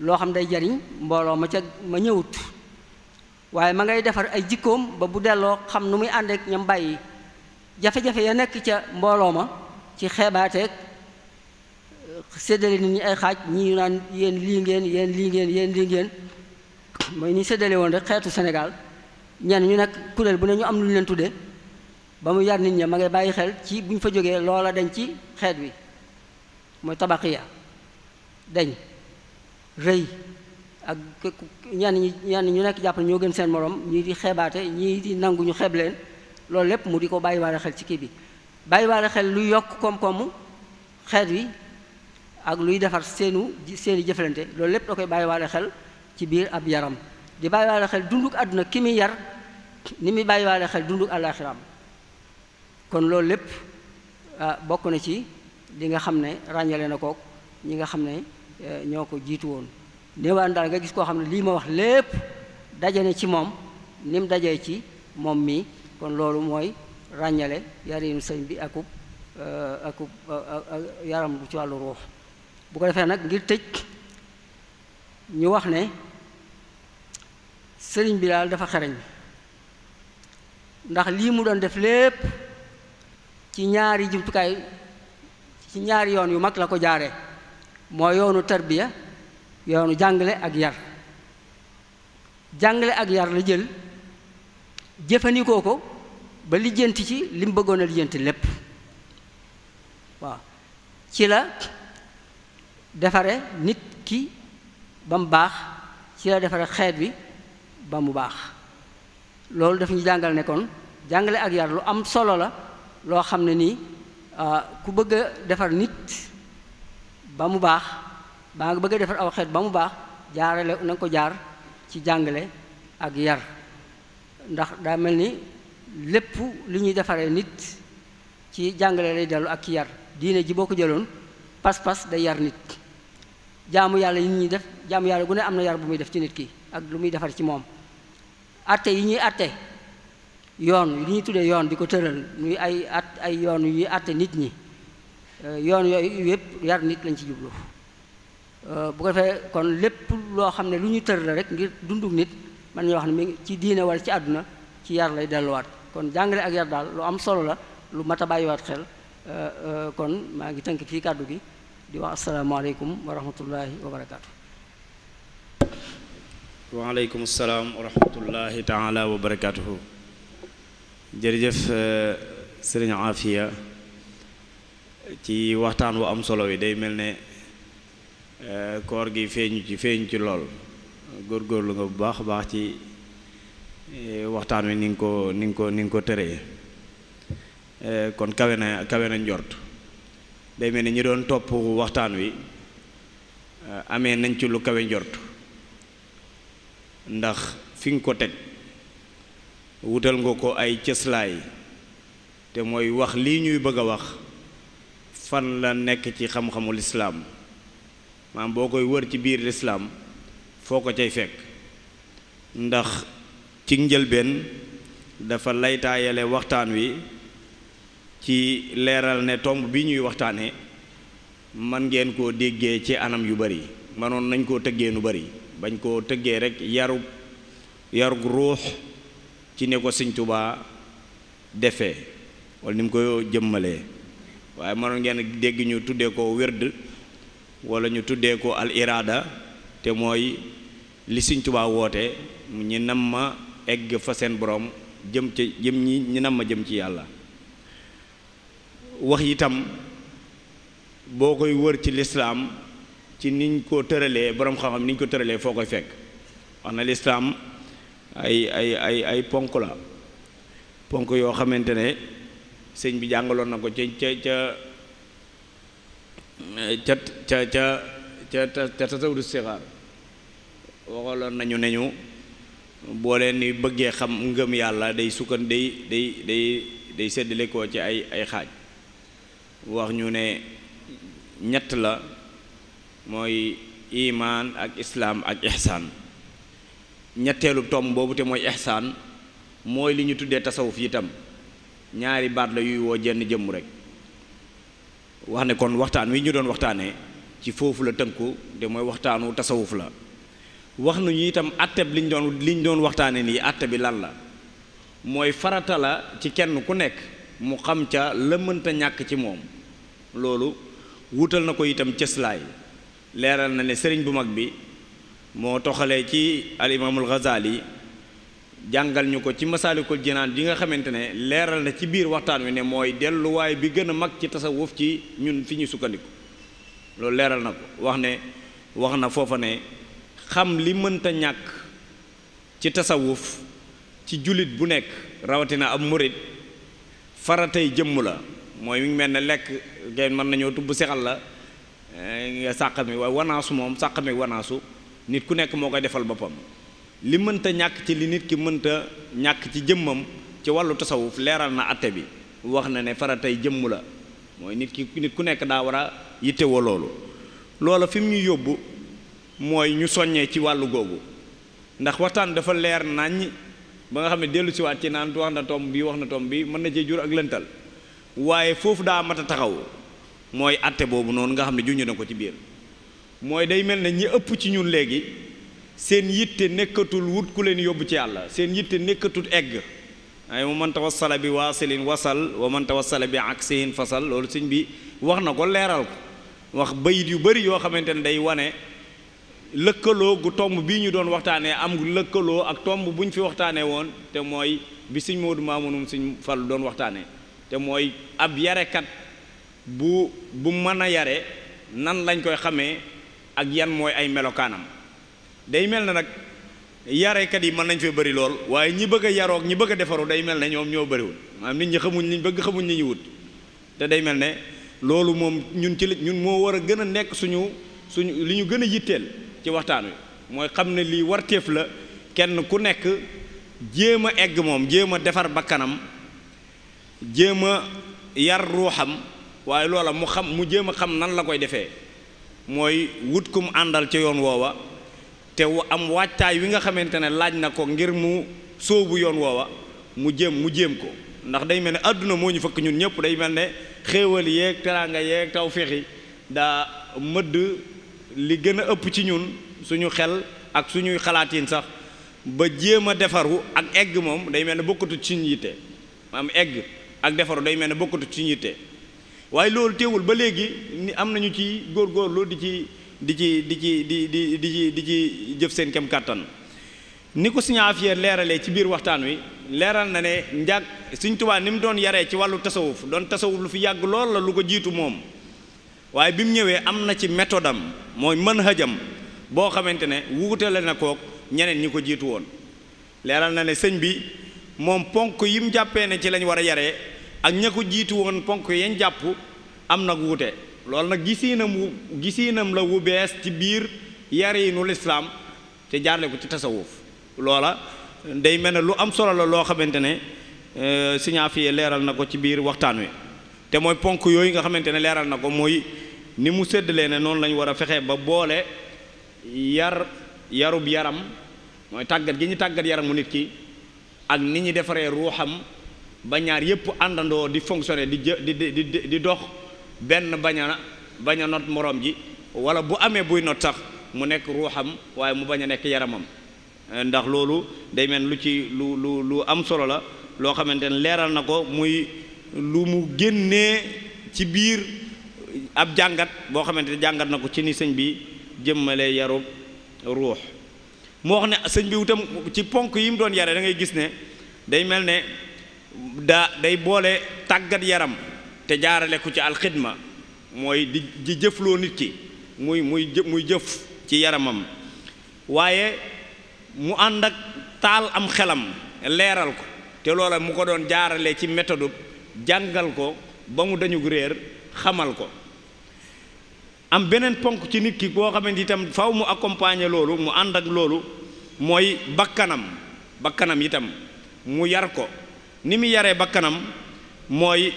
Speaker 1: loo xam day jariñ mbooloo ma ca ma ñëwut waaye ma ngay defar ay jikkoom ba bu delloo xam nu muy àndeek ñam bàyyi jafe-jafe ya nekk ca mbooloo ma ci xeebaateeg euh, séddale nit ñi ay xaaj ñii naan yéen lii ngeen yéen lii ngeen yéen lii ngeen mooy ni séddale woon rek xeetu Sénégal ñenn ñu nekk kuréel bu ne ñu am lu ñu leen tuddee ba mu yar nit ña ma ngay bàyyi xel ci bu ñu fa jógee loola deñ ci xeet wi mooy ya dañ rëy ak ñenn ñi ñenn ñu nekk jàpp ne ñoo gën seen moroom ñii di xeebaate ñii di nangu ñu xeeb leen loolu lépp mu di ko bàyyi waale xel ci kii bi bàyyi waale xel luy yokk koom xeet wi ak luy defar seenu seeni jëflante loolu lépp da koy bàyyi waale xel ci biir ab yaram di bàyyi waale xel dunduk àdduna ki muy yar ni muy bàyyi waale xel dunduk àllaaxiraam kon loolu lépp ah, bokk na ci di nga xam ne ràññale na kook ñi nga xam ne eh, ñoo ko jiitu woon néewaan daal nga gis koo xam ne lii ma wax lépp daje ne ci moom ni mu dajee ci moom mii kon loolu mooy ràññale yarinu sëñ bi akub euh, akub euh, yaram bu ci wàllu ruux bu ko defee nag ngir tëj ñu wax ne sëriñ bi daal dafa xereñ ndax lii mu doon def lépp ci ñaari jumtukaay ci ñaari yoon yu mag la ko jaaree moo yoonu tarbiya yoonu jàngale ak yar jàngale ak yar la jël jëfandikoo ko ba lijjanti ci li mu bëggoon a lijjanti lépp waaw ci la defare nit ki ba mu baax ci la defare xeet bi ba mu baax loolu daf ñu jàngal nekkoon jàngale ak yar lu am solo la loo xam ne nii ah, ku bëgg a defar nit ba mu baax baa nga bëggee defar aw xeet ba mu baax jaarale na ko jaar ci jàngale ak yar ndax daa mel ni lépp li ñuy defaree nit ci jàngale lay dellu ak ci yar diine ji boo ko jëloon pas-pas day yar nit jaamu yàlla yi ñuy def jaamu yàlla gu ne am na yar bu muy def ci nit ki ak lu muy defar ci moom atte yi ñuy atte yoon li ñuy tuddee yoon di ko tëral muy ay at ay yoon yu ñuy atte nit ñi euh, yoon yooyu yëpp yar nit lañ ci jublu Euh, bu ko defee kon lépp loo xam ne lu ñu tër la rek ngir dundug nit man ñoo wax ne mi ngi ci diine wala ci àdduna ci yar lay delluwaat kon jàngale ak yar daal lu am solo la lu mat a bàyyiwaat xel euh, euh, kon maa ngi tënk fii kàddu gi di wax asalaamaaleykum wa rahmatullahi wa barakaatu.
Speaker 2: waaleykum salaam wa rahmatullahi taala ci waxtaan wu am solo yi day mel ne. Eh, koor gi feeñu ci feeñu ci lool góor góorlu nga bu baax a baax ci eh, waxtaan wi ni nga ko ni nga ko ni nga ko tëree eh, kon kawe na kawe na njort day mel ni ñi doon topp waxtaan wi amee nañ ci lu kawe njort ndax fi nga ko teg wutal nga ko ay cëslaay te mooy wax lii ñuy bëgg a wax fan la nekk ci xam-xamul islaam maam boo koy wër ci biir lislaam foo ko cay fekk ndax ci njëlbéen dafa laytaayale waxtaan wi ci leeral ne tomb bi ñuy waxtaane man ngeen koo déggee ci anam yu bari manoon nañ koo tëggee nu bari bañ koo tëggee rek yarub yarug ruux ci ne ko Sëñ Tuubaa defee wala ni mu ko jëmmalee waaye manoon ngeen dégg ñu tuddee ko wird wala ñu tuddee ko al iraada te mooy li Sëñ Tuubaa woote ñi nam ma egg fa seen boroom jëm ci jëm ñi ñu nam ma jëm ci yàlla wax itam boo koy wër ci lislaam ci niñ ko tëralee borom xam-xam niñ ko tëralee foo koy fekk wax na lislaam ay ay ay ponk la ponk yoo xamante ne sëñ bi jàngaloon na ko ca ca ca ca ca ca ca ca tasawudu sixaar waxaloon nañu ne ñu boo leen ni bëggee xam ngëm yàlla day sukkan day day day day séddale ko ci ay ay xaaj wax ñu ne ñett la mooy imaan ak islaam ak ihsaan ñetteelu tomb boobu te mooy ihsaan mooy li ñu tuddee tasawuf itam ñaari baat la yuy woo jenn jëmm rek wax ne kon waxtaan wi ñu doon waxtaanee ci foofu la tënku de mooy waxtaanu tasawuf la wax nañu itam atte bi liñ doon liñ doon waxtaanee nii atte bi lan la mooy farata la ci kenn ku nekk mu xam ca la ñàkk ci moom loolu wutal na ko itam cëslaay leeral na ne sëriñ bu mag bi moo toxalee ci al imaamul jàngal ñu ko ci masaalikul jinaan ji nga xamante ne leeral na ci biir waxtaan wi ne mooy delluwaay bi gën a mag ci tasawuf ci ñun fi ñu sukkandiku loolu leeral na ko wax ne wax na foofa ne xam li mënta ñàkk ci tasawuf ci jullit bu nekk rawatina ab murit faratay jëmm la mooy mel ne lekk ngeen mën nañoo tubb sexal la eh, nga sàq mi waaye wanaasu moom sàq mi wanaasu nit ku nekk moo koy defal boppam li mënta ñàkk ci li nit ki mënta ñàkk ci jëmmam ci wàllu tasawuf leeral na atte bi wax na ne faratay jëmm la mooy nit ki nit ku nekk daa war a yittewoo loolu loola fi mu yóbbu mooy ñu soññee ci wàll googu ndax waxtaan dafa leer naññ ba nga xam ne dellu siwaat ci naan wax na tomb bi wax na tomb bi mën na cee jur ak lëntal waaye foofu daa mat a taxaw mooy atte boobu noonu nga xam ne junj ne ko ci biir mooy day mel na ñi ëpp ci ñun léegi seen yitte nekkatul wut ku leen yóbbu ci àlla seen yitte nekkatul egg ay mu man tawassala bi waasilin wasal wa man tawassala bi aksihin fasal loolu sëñ bi wax na ko leeral ko wax bayit yu bari yoo xamante ne day wane lëkkaloo gu tomb bii ñu doon waxtaanee am lëkkaloo ak tomb bu ñu fi waxtaanee woon te mooy bi sëñ Moodu Maamunum sëñ Fallu doon waxtaanee te mooy ab yarekat bu bu mën a yare nan lañ koy xamee ak yan mooy ay melokaanam day mel na nag yarekat yi mën nañ fee bari lool waaye ñi bëgg a yaroog ñi bëgg defaru day mel ne ñoom ñoo bëriwul maanaam nit ñi xamuñ liñ bëgg xamuñ li ñu wut te day mel ne loolu moom ñun ci la ñun moo war a gën a nekk suñu suñu li ñu gën a yitteel ci waxtaan wi mooy xam ne lii warteef la kenn ku nekk jéem a egg moom jéem a defar bakkanam jéem a yar ruuxam waaye loola mu xam mu jéem a xam nan la koy defee mooy wut kum àndal ca yoon woowa te am waajtaay wi nga xamante ne laaj na ko ngir mu soobu yoon woowa mu jéem mu jéem ko ndax day mel ne àdduna moo ñu fëkk ñun ñëpp day mel ne xéewal yee teraanga yeeg taw fexi daa mëdd li gën a ëpp ci ñun suñu xel ak suñuy xalaatin sax ba jéem a defaru ak egg moom day mel ne bokkatu ci ñu yitte am egg ak defaru day mel ne bokkatu ci ñu yitte waaye loolu teewul ba léegi ni am nañu ci góorgóorlu di ci di ci di ci di di di ci di ci jëf seen kem kàttan ni ko Sëriñ Aafiya leeralee ci biir waxtaan wi leeral na ne njàg Sëriñ Tuubaa ni mu doon yaree ci wàllu tasawuf doon tasawuf lu fi yàgg lool la lu ko jiitu moom waaye bi mu ñëwee am na ci méthode am mooy manhajam boo xamante ne la na kook ñeneen ñi ko jiitu woon leeral na ne sëñ bi moom ponk yi mu jàppee na ci lañ war a yaree ak ña ko jiitu woon ponk yañ jàpp am na wuute loolu nag gisiinam wu gisiinam la wu bees ci biir yariinu lislaam te jaarle ko ci tasawuf loola day mel ne lu am solo la loo xamante ne euh, Sëñ Afiye leeral na ko ci biir waxtaan wi te mooy ponk yooyu nga xamante ne leeral na ko mooy ni mu séddalee ne noonu lañu war a fexee ba boole yar yarub yaram mooy tàggat gi ñu tàggat mu nit ki ak ni ñu defaree ruuxam ba ñaar yépp àndandoo di fonctionner di jë di di di dox benn bañ a bañ a not moroom ji wala bu amee buy not sax mu nekk ruuxam waaye mu bañ a nekk yaramam ndax loolu day mel lu ci lu lu lu am solo la loo xamante ne leeral na ko muy lu mu génnee ci biir ab jàngat boo xamante ne jàngat na ko ci ni sëñ bi jëmmale yarub ruux mu wax ne sëñ bi itam ci ponk yi mu doon yare da ngay gis ne day mel ne daa day boole tàggat yaram te jaarale ko ci alxidma mooy di di jëfloo nit ki muy muy muy jëf ci yaramam waaye mu ànd ak taal am xelam leeral ko te loola mu ko doon jaarale ci méthode jàngal ko ba mu dañu réer xamal ko am beneen ponk ci nit ki boo xamante itam faw mu accompagner loolu mu ànd ak loolu mooy bakkanam bakkanam yitam mu yar ko ni mu yaree bakkanam mooy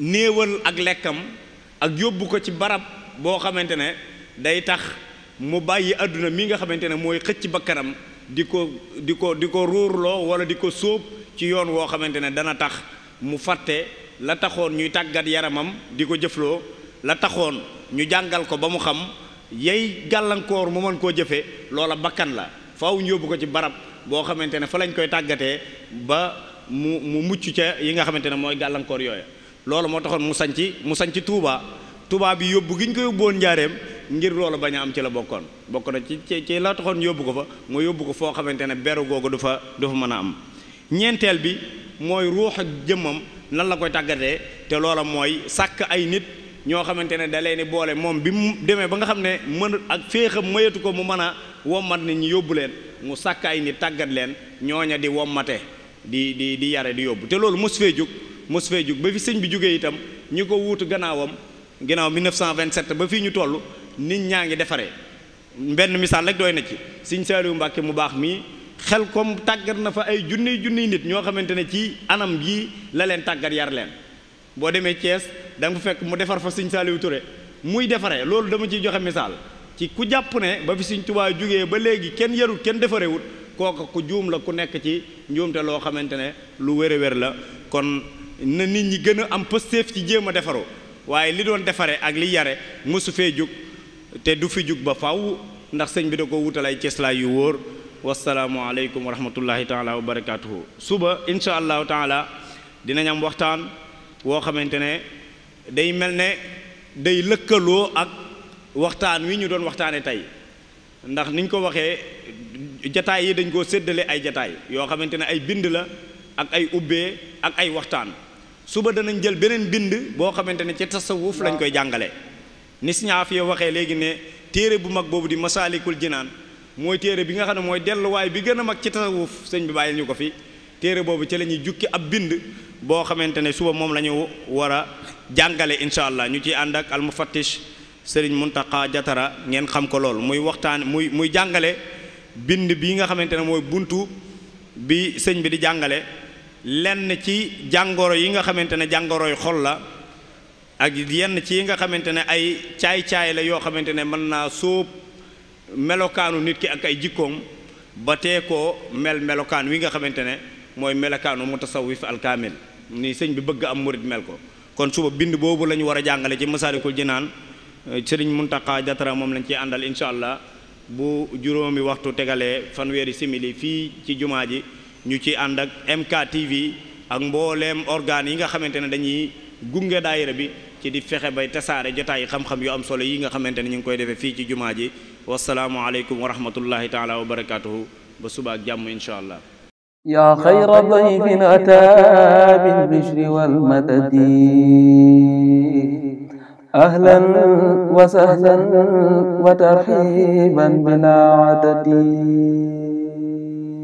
Speaker 2: néewal ak lekkam ak yóbbu ko ci barab boo xamante ne day tax mu bàyyi àdduna mi nga xamante ne mooy xëcc bakkanam di ko di ko di ko ruurloo wala di ko sóob ci yoon woo xamante ne dana tax mu fàtte la taxoon ñuy tàggat yaramam di ko jëfloo la taxoon ñu jàngal ko ba mu xam yey gàllankoor mu mën koo jëfe loola bakkan la faaw yóbbu ko ci barab boo xamante ne fa lañ koy tàggatee ba mu mu mucc ca yi nga xamante ne mooy gàllankoor yooya loolu moo taxoon mu sañ ci mu sañ ci Touba tubaab bi yóbbu gi ñu ko yóbbuwoon njaareem ngir loolu bañ a am ci la bokkoon bokk na ci ci la taxoon yóbbu ko fa moo yóbbu ko foo xamante ne beru googu du fa du mën a am ñeenteel bi mooy ruux ak jëmmam nan la koy tàggatee te loola mooy sàkk ay nit ñoo xamante ne da leen boole moom bi mu demee ba nga xam ne mën ak féexam mayatu ko mu mën a wommat nit ñu yóbbu leen mu sàkk ay nit tàggat leen ñooña di wommate di di di yare di yóbbu te loolu mos fee jóg mos fee jug ba fi sëñ bi jugee itam ñi ko wuutu gannaawam ginnaaw 1927 ba fii ñu toll nit ñaa ngi defaree mbenn misaal rek doy na ci sëñ Saaliwu Mbàkke mu baax mii xel kom tàggat na fa ay junniy junniy nit ñoo xamante ne ci anam yii la leen tàggat yar leen boo demee Thiès da nga fekk mu defar fa sëñ Saaliwu Ture muy defaree loolu dama ciy joxe misaal ci ku jàpp ne ba fi sëñ Tuubaa jugee ba léegi kenn yarut kenn defarewut kooka ku juum la ku nekk ci njuumte loo xamante ne lu wér-wér la kon na nit ñi gën a am pëstéef ci jéem a defaroo waaye li doon defaree ak li yare mosu fee jóg te du fi jóg ba faw ndax sëñ bi da ko wutal ay ceeslaay yu wóor wasalaamualeykum wa rahmatullahi taala wa barakaatuhu suba incha allahu taala dinañ am waxtaan woo xamante ne day mel ne day lëkkaloo ak waxtaan wi ñu doon waxtaanee tey ndax niñ ko waxee jataay yi dañ koo séddale ay jataay yoo xamante ne ay bind la ak ay ubbee ak ay waxtaan suba danañ jël beneen bind boo xamante ne ci tasawuf lañ koy jàngale ni si ñaa fi waxee léegi ne téere bu mag boobu di masaalikul jinaan mooy téere bi nga xam ne mooy delluwaay bi gën a mag ci tasawuf sëñ bi bàyyil ñu ko fi téere boobu ci la ñuy jukki ab bind boo xamante ne suba moom la ñu war a jàngale incha allah ñu ci ànd ak almufattish sëriñ Muntaqa Jatara ngeen xam ko loolu muy waxtaan muy muy jàngale bind bi nga xamante ne mooy buntu bi sëñ bi di jàngale lenn ci jàngoro yi nga xamante ne jàngoroy xol la ak yenn ci yi nga xamante ne ay caay-caay la yoo xamante ne mën naa sóob melokaanu nit ki ak ay jikkoom ba teekoo mel melokaan wi nga xamante ne mooy melokaanu mutasawwif alkaamil ni sëñ bi bëgg am murit mel ko kon suba bind boobu la ñu war a jàngale ci masaalikul jinaan euh, sëriñ Muntaqa Jatara moom lañ ci àndal incha allah bu juróomi waxtu tegalee fanweeri simili fii ci jumaa ji ñu ci ànd ak MKTV ak mbooleem organes yi nga xamante ne dañuy gunge daayira bi ci di fexe bay tasaare jotaay xam-xam yu am solo yi nga xamante ne ñu ngi koy defee fii ci jumaa ji wasalaamu aleykum wa rahmatullahi taala wa barakaatuhu ba suba ak jàmm insha allah
Speaker 1: yaa xayra dayfin ataa bil bishri wal madadi ahlan wa sahlan